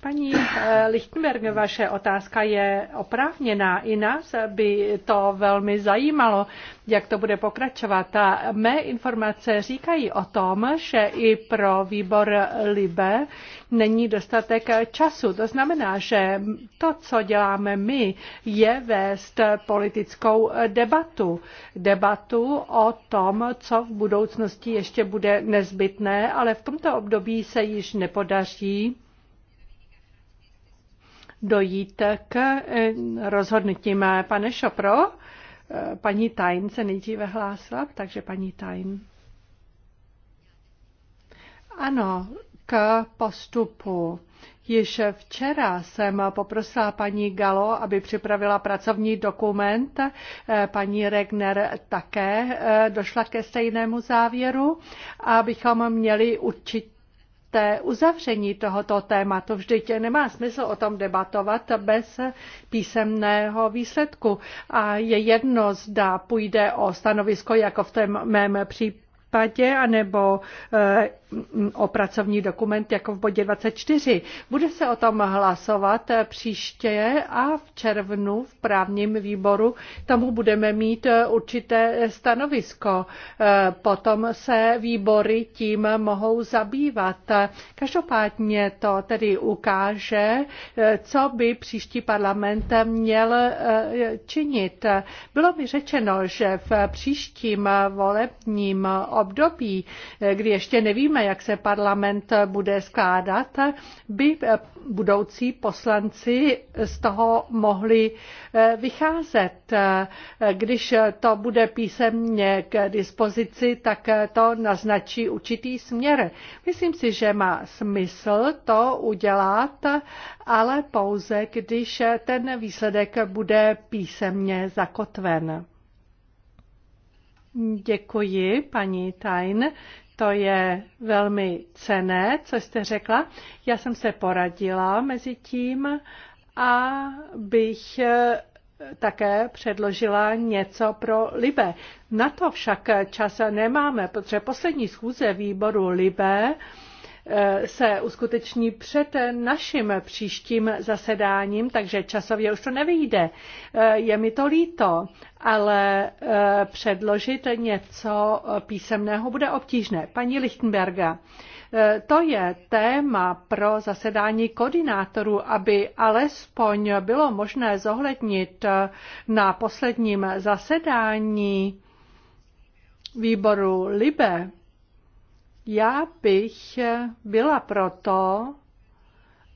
Paní eh, Lichtenberg, vaše otázka je oprávněná. I nás by to velmi zajímalo, jak to bude pokračovat. A mé informace říkají o tom, že i pro výbor LIBE není dostatek času. To znamená, že to, co děláme my, je vést politickou debatu. Debatu o tom, co v budoucnosti ještě bude nezbytné, ale v tomto období se již nepodaří dojít k eh, rozhodnutím. Pane Šopro, eh, paní Tajn se nejdříve hlásila, takže paní Tajn. Ano, k postupu. Již včera jsem poprosila paní Galo, aby připravila pracovní dokument. Eh, paní Regner také došla ke stejnému závěru, abychom měli určitě jisté uzavření tohoto tématu. Vždyť nemá smysl o tom debatovat bez písemného výsledku. A je jedno, zda půjde o stanovisko jako v tom mém případě, anebo eh, o pracovní dokument jako v bodě 24. Bude se o tom hlasovat příště a v červnu v právním výboru tomu budeme mít určité stanovisko. E, potom se výbory tím mohou zabývat. Každopádně to tedy ukáže, e, co by příští parlament měl e, činit. Bylo mi řečeno, že v příštím volebním období, kdy ještě nevíme, uvidíme, jak se parlament bude skládat, by eh, budoucí poslanci z toho mohli eh, vycházet. Eh, když to bude písemně k dispozici, tak to naznačí určitý směr. Myslím si, že má smysl to udělat, ale pouze, když ten výsledek bude písemně zakotven. Děkuji, paní Tajn. To je velmi cené, co jste řekla. Já jsem se poradila mezi tím, a bych eh, také předložila něco pro Libe. Na to však čas nemáme, protože poslední schůze výboru Libe Eh, se uskuteční před naším příštím zasedáním, takže časově už to nevyjde. Eh, je mi to líto, ale eh, předložit něco písemného bude obtížné. Paní Lichtenberga, to je téma pro zasedání koordinátorů, aby alespoň bylo možné zohlednit na posledním zasedání výboru LIBE já bych byla proto,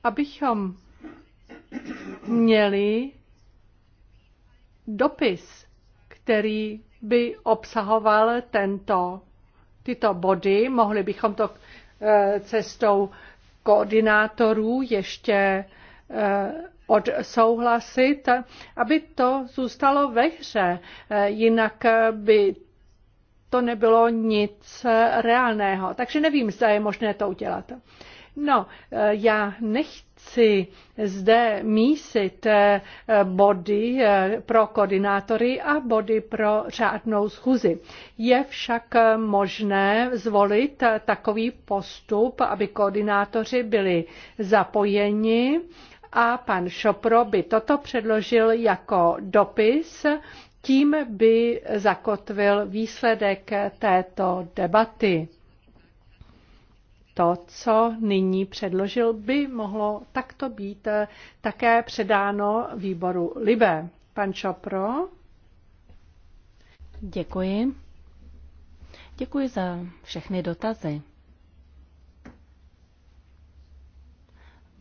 abychom měli dopis, který by obsahoval tento, tyto body. Mohli bychom to eh, cestou koordinátorů ještě eh, odsouhlasit, aby to zůstalo ve hře. Eh, jinak by to nebylo nic reálného. Takže nevím, zda je možné to udělat. No, eh, já nechci zde mísit eh, body eh, pro koordinátory a body pro řádnou schůzi. Je však možné zvolit takový postup, aby koordinátoři byli zapojeni a pan Šopro by toto předložil jako dopis tím by zakotvil výsledek této debaty. To, co nyní předložil, by mohlo takto být také předáno výboru Libe. Pan Čopro. Děkuji. Děkuji za všechny dotazy.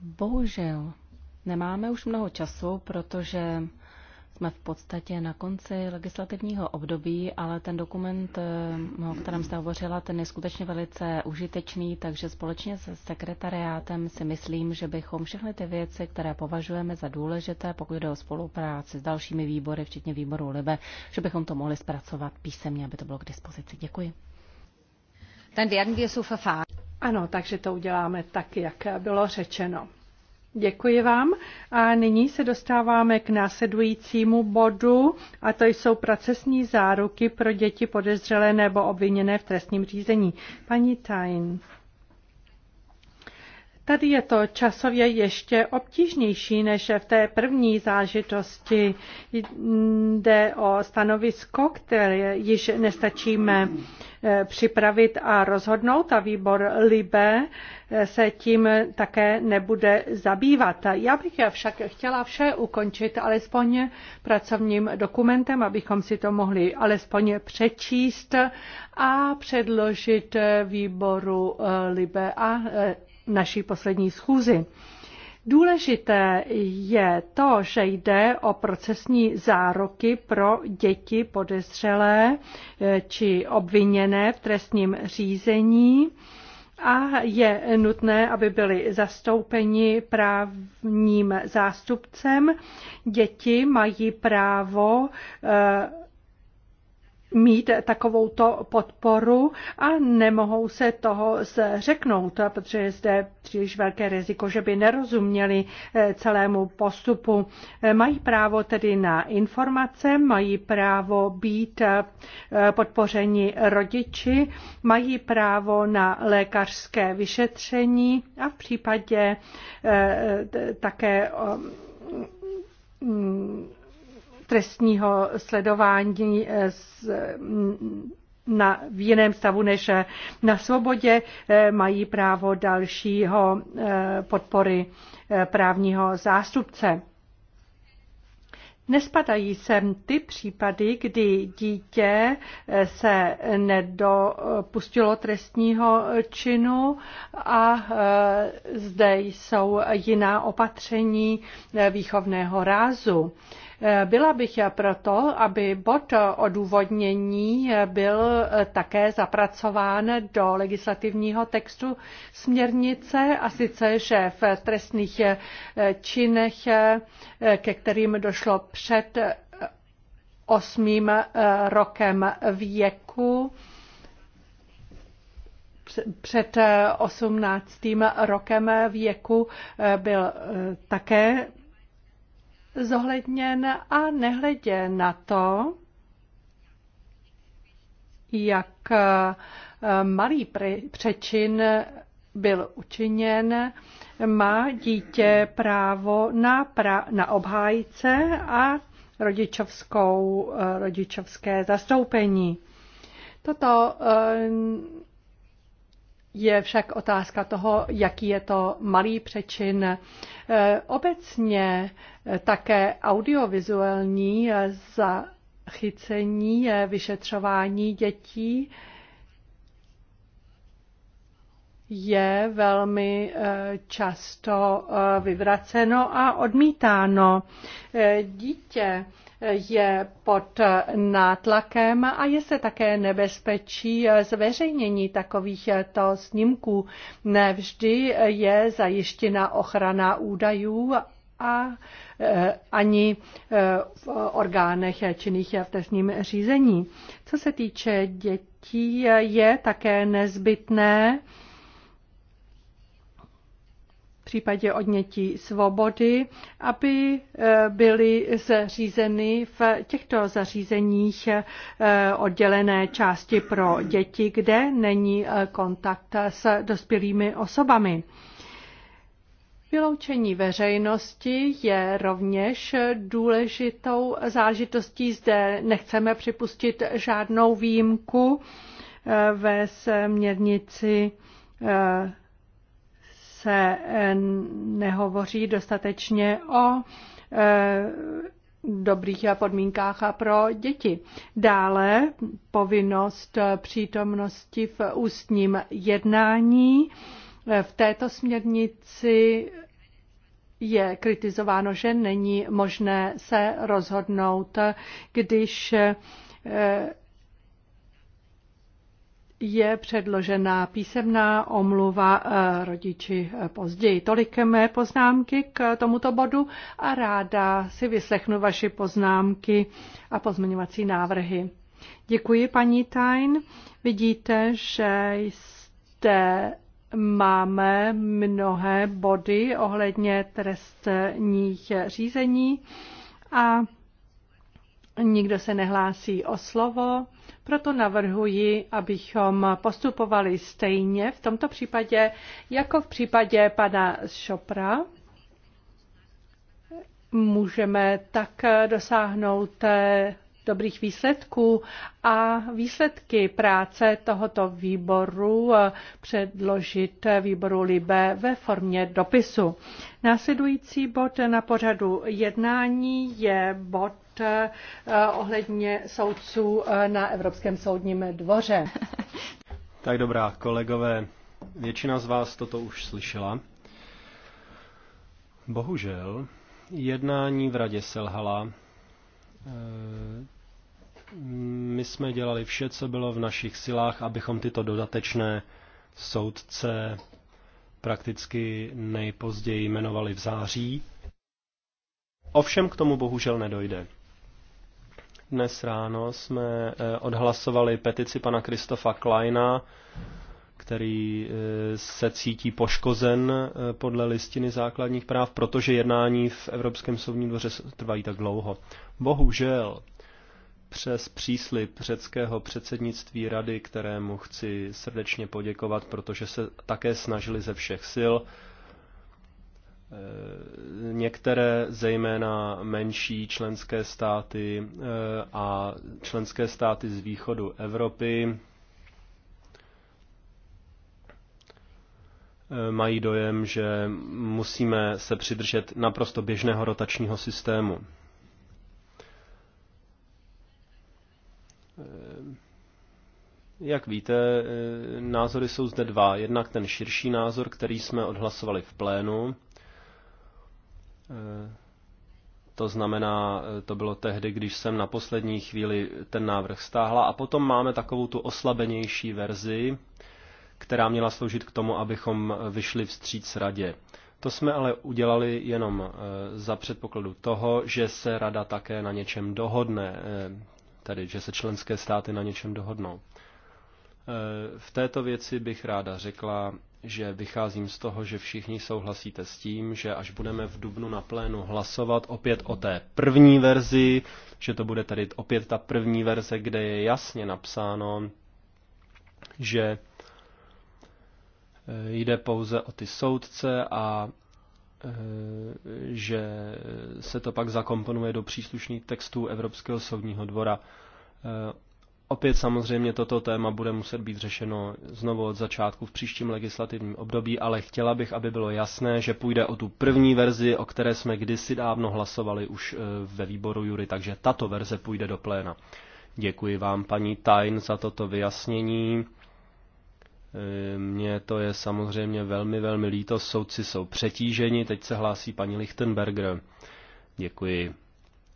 Bohužel nemáme už mnoho času, protože jsme v podstatě na konci legislativního období, ale ten dokument, eh, no, o kterém jste hovořila, ten je skutečně velice užitečný, takže společně se sekretariátem si myslím, že bychom všechny ty věci, které považujeme za důležité, pokud jde o spolupráci s dalšími výbory, včetně výboru LIBE, že bychom to mohli zpracovat písemně, aby to bylo k dispozici. Děkuji. Ten Ano, takže to uděláme tak, jak bylo řečeno. Děkuji vám. A nyní se dostáváme k následujícímu bodu, a to jsou procesní záruky pro děti podezřelé nebo obviněné v trestním řízení. Paní Tain. Tady je to časově ještě obtížnější než v té první zážitosti. Jde o stanovisko, které již nestačíme eh, připravit a rozhodnout a výbor Libe eh, se tím také nebude zabývat. Já bych však chtěla vše ukončit alespoň pracovním dokumentem, abychom si to mohli alespoň přečíst a předložit eh, výboru Libe a naší poslední schůzi. Důležité je to, že jde o procesní zároky pro děti podezřelé eh, či obviněné v trestním řízení a je nutné, aby byli zastoupeni právním zástupcem. Děti mají právo eh, mít takovouto podporu a nemohou se toho zřeknout, protože je zde příliš velké riziko, že by nerozuměli eh, celému postupu. Eh, mají právo tedy na informace, mají právo být eh, podpořeni rodiči, mají právo na lékařské vyšetření a v případě také mm, trestního sledování eh, mm, na, v jiném stavu než eh, na svobodě, eh, mají právo dalšího podpory právního zástupce. Nespadají sem ty případy, kdy dítě se nedopustilo trestního činu a zde jsou jiná opatření výchovného rázu. Byla bych proto, aby bod odůvodnění byl také zapracován do legislativního textu směrnice a sice, že v trestných činech, ke kterým došlo před osmým rokem věku, před 18. rokem věku byl také zohledněn a nehledě na to, jak eh, malý přečin byl učiněn, má dítě právo na, pra, na obhájce a rodičovskou, eh, rodičovské zastoupení. Toto eh, je však otázka toho, jaký je to malý přečin. E, obecně e, také audiovizuální zachycení e, vyšetřování dětí je velmi často vyvraceno a odmítáno. Dítě je pod nátlakem a je se také nebezpečí zveřejnění takovýchto eh, snímků. Nevždy je zajištěna ochrana údajů a eh, ani eh, v orgánech činných v trestním řízení. Co se týče dětí, je také nezbytné, případě odnětí svobody, aby eh, byly zřízeny v těchto zařízeních eh, oddělené části pro děti, kde není eh, kontakt s dospělými osobami. Vyloučení veřejnosti je rovněž důležitou záležitostí. Zde nechceme připustit žádnou výjimku ve směrnici se eh, nehovoří dostatečně o eh, dobrých podmínkách a pro děti. Dále povinnost eh, přítomnosti v ústním jednání. V této směrnici je kritizováno, že není možné se rozhodnout, když je předložena písemná omluva eh, rodiči eh, později. Tolik mé poznámky k eh, tomuto bodu a ráda si vyslechnu vaši poznámky a pozměňovací návrhy. Děkuji, paní Tajn. Vidíte, že jste máme mnohé body ohledně trestních řízení a nikdo se nehlásí o slovo. Proto navrhuji, abychom postupovali stejně v tomto případě jako v případě pana Šopra. Můžeme tak dosáhnout eh, dobrých výsledků a výsledky práce tohoto výboru eh, předložit výboru Libe ve formě dopisu. Následující bod na pořadu jednání je bod Eh, ohledně soudců eh, na Evropském soudním dvoře. Tak dobrá, kolegové, většina z vás toto už slyšela. Bohužel, jednání v radě selhala. Eh, my jsme dělali vše, co bylo v našich silách, abychom tyto dodatečné soudce prakticky nejpozději jmenovali v září. Ovšem k tomu bohužel nedojde. Dnes ráno jsme eh, odhlasovali petici pana Kristofa Kleina, který eh, se cítí poškozen eh, podle listiny základních práv, protože jednání v Evropském soudním dvoře trvají tak dlouho. Bohužel přes příslip řeckého předsednictví rady, kterému chci srdečně poděkovat, protože se také snažili ze všech sil, Některé, zejména menší členské státy eh, a členské státy z východu Evropy, eh, mají dojem, že musíme se přidržet naprosto běžného rotačního systému. Eh, jak víte, názory jsou zde dva. Jednak ten širší názor, který jsme odhlasovali v plénu, Eh, to znamená, eh, to bylo tehdy, když jsem na poslední chvíli ten návrh stáhla. A potom máme takovou tu oslabenější verzi, která měla sloužit k tomu, abychom eh, vyšli vstříc radě. To jsme ale udělali jenom za předpokladu toho, že se rada také na něčem dohodne, tedy že se členské státy na něčem dohodnou. V této věci bych ráda řekla, že vycházím z toho, že všichni souhlasíte s tím, že až budeme v Dubnu na plénu hlasovat opět o té první verzi, že to bude tedy opět ta první verze, kde je jasně napsáno, že e, jde pouze o ty soudce a e, že se to pak zakomponuje do příslušných textů Evropského soudního dvora. E, Opět samozřejmě toto téma bude muset být řešeno znovu od začátku v příštím legislativním období, ale chtěla bych, aby bylo jasné, že půjde o tu první verzi, o které jsme kdysi dávno hlasovali už eh, ve výboru Jury, takže tato verze půjde do pléna. Děkuji vám, paní Tajn, za toto vyjasnění. Eh, mně to je samozřejmě velmi, velmi líto, soudci jsou přetíženi, teď se hlásí paní Lichtenberger. Děkuji.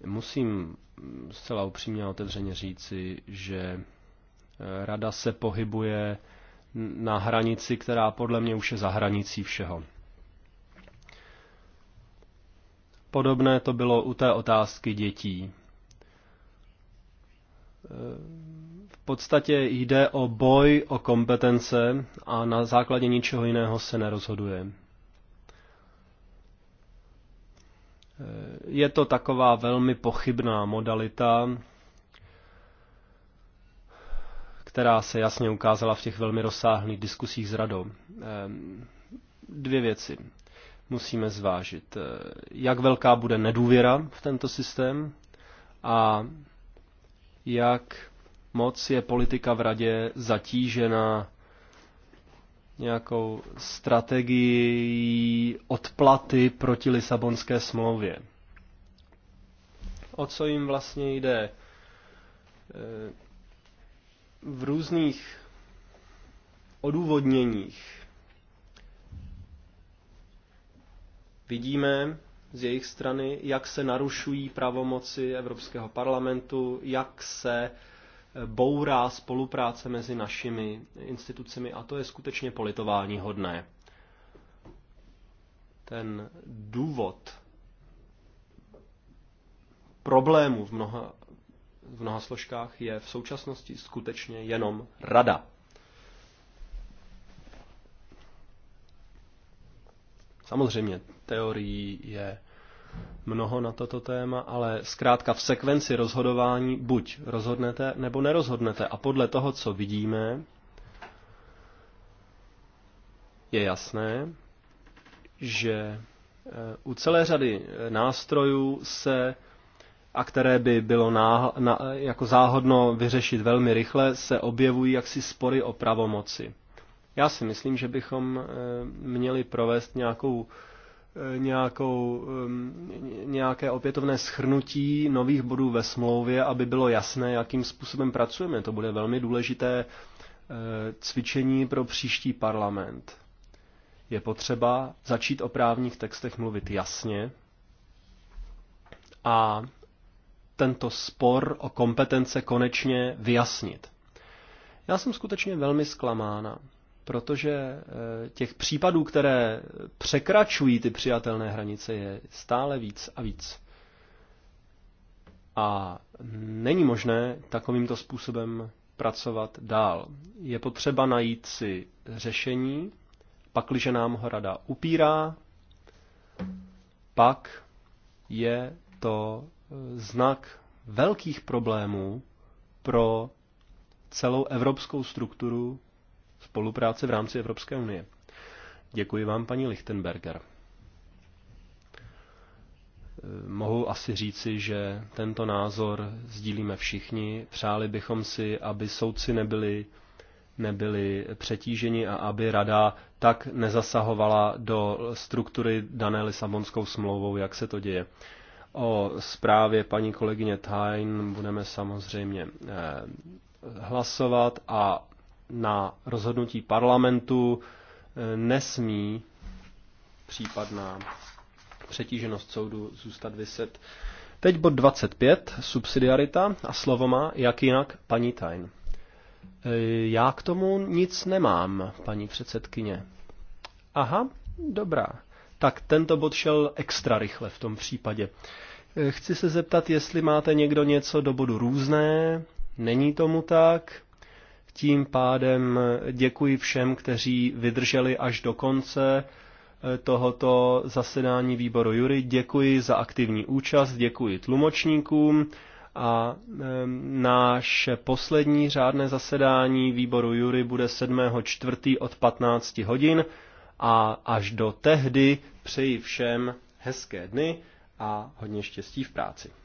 Musím zcela upřímně a otevřeně říci, že eh, rada se pohybuje na hranici, která podle mě už je za hranicí všeho. Podobné to bylo u té otázky dětí. Eh, v podstatě jde o boj o kompetence a na základě ničeho jiného se nerozhoduje. Eh, je to taková velmi pochybná modalita, která se jasně ukázala v těch velmi rozsáhlých diskusích s radou. Eh, dvě věci musíme zvážit. Eh, jak velká bude nedůvěra v tento systém a jak moc je politika v radě zatížena nějakou strategii odplaty proti Lisabonské smlouvě. O co jim vlastně jde? E, v různých odůvodněních vidíme z jejich strany, jak se narušují pravomoci Evropského parlamentu, jak se bourá spolupráce mezi našimi institucemi a to je skutečně politování hodné. Ten důvod problémů v mnoha, v mnoha složkách je v současnosti skutečně jenom rada. Samozřejmě teorií je mnoho na toto téma, ale zkrátka v sekvenci rozhodování buď rozhodnete nebo nerozhodnete. A podle toho, co vidíme, je jasné, že e, u celé řady e, nástrojů se a které by bylo ná, na, jako záhodno vyřešit velmi rychle, se objevují jaksi spory o pravomoci. Já si myslím, že bychom e, měli provést nějakou Eh, nějakou, nějaké opětovné schrnutí nových bodů ve smlouvě, aby bylo jasné, jakým způsobem pracujeme. To bude velmi důležité eh, cvičení pro příští parlament. Je potřeba začít o právních textech mluvit jasně a tento spor o kompetence konečně vyjasnit. Já jsem skutečně velmi zklamána protože eh, těch případů, které překračují ty přijatelné hranice, je stále víc a víc. A není možné takovýmto způsobem pracovat dál. Je potřeba najít si řešení, pakliže nám ho rada upírá, pak je to eh, znak velkých problémů pro celou evropskou strukturu spolupráce v rámci Evropské unie. Děkuji vám, paní Lichtenberger. Eh, mohu asi říci, že tento názor sdílíme všichni. Přáli bychom si, aby soudci nebyli, nebyli přetíženi a aby rada tak nezasahovala do struktury dané Lisabonskou smlouvou, jak se to děje. O zprávě paní kolegyně Tyne budeme samozřejmě eh, hlasovat a na rozhodnutí parlamentu eh, nesmí případná přetíženost soudu zůstat vyset. Teď bod 25, subsidiarita a slovo má, jak jinak, paní Tajn. Eh, já k tomu nic nemám, paní předsedkyně. Aha, dobrá. Tak tento bod šel extra rychle v tom případě. Eh, chci se zeptat, jestli máte někdo něco do bodu různé. Není tomu tak. Tím pádem děkuji všem, kteří vydrželi až do konce eh, tohoto zasedání výboru Jury. Děkuji za aktivní účast, děkuji tlumočníkům a eh, naše poslední řádné zasedání výboru Jury bude 7.4. čtvrtý od 15 hodin a až do tehdy přeji všem hezké dny a hodně štěstí v práci.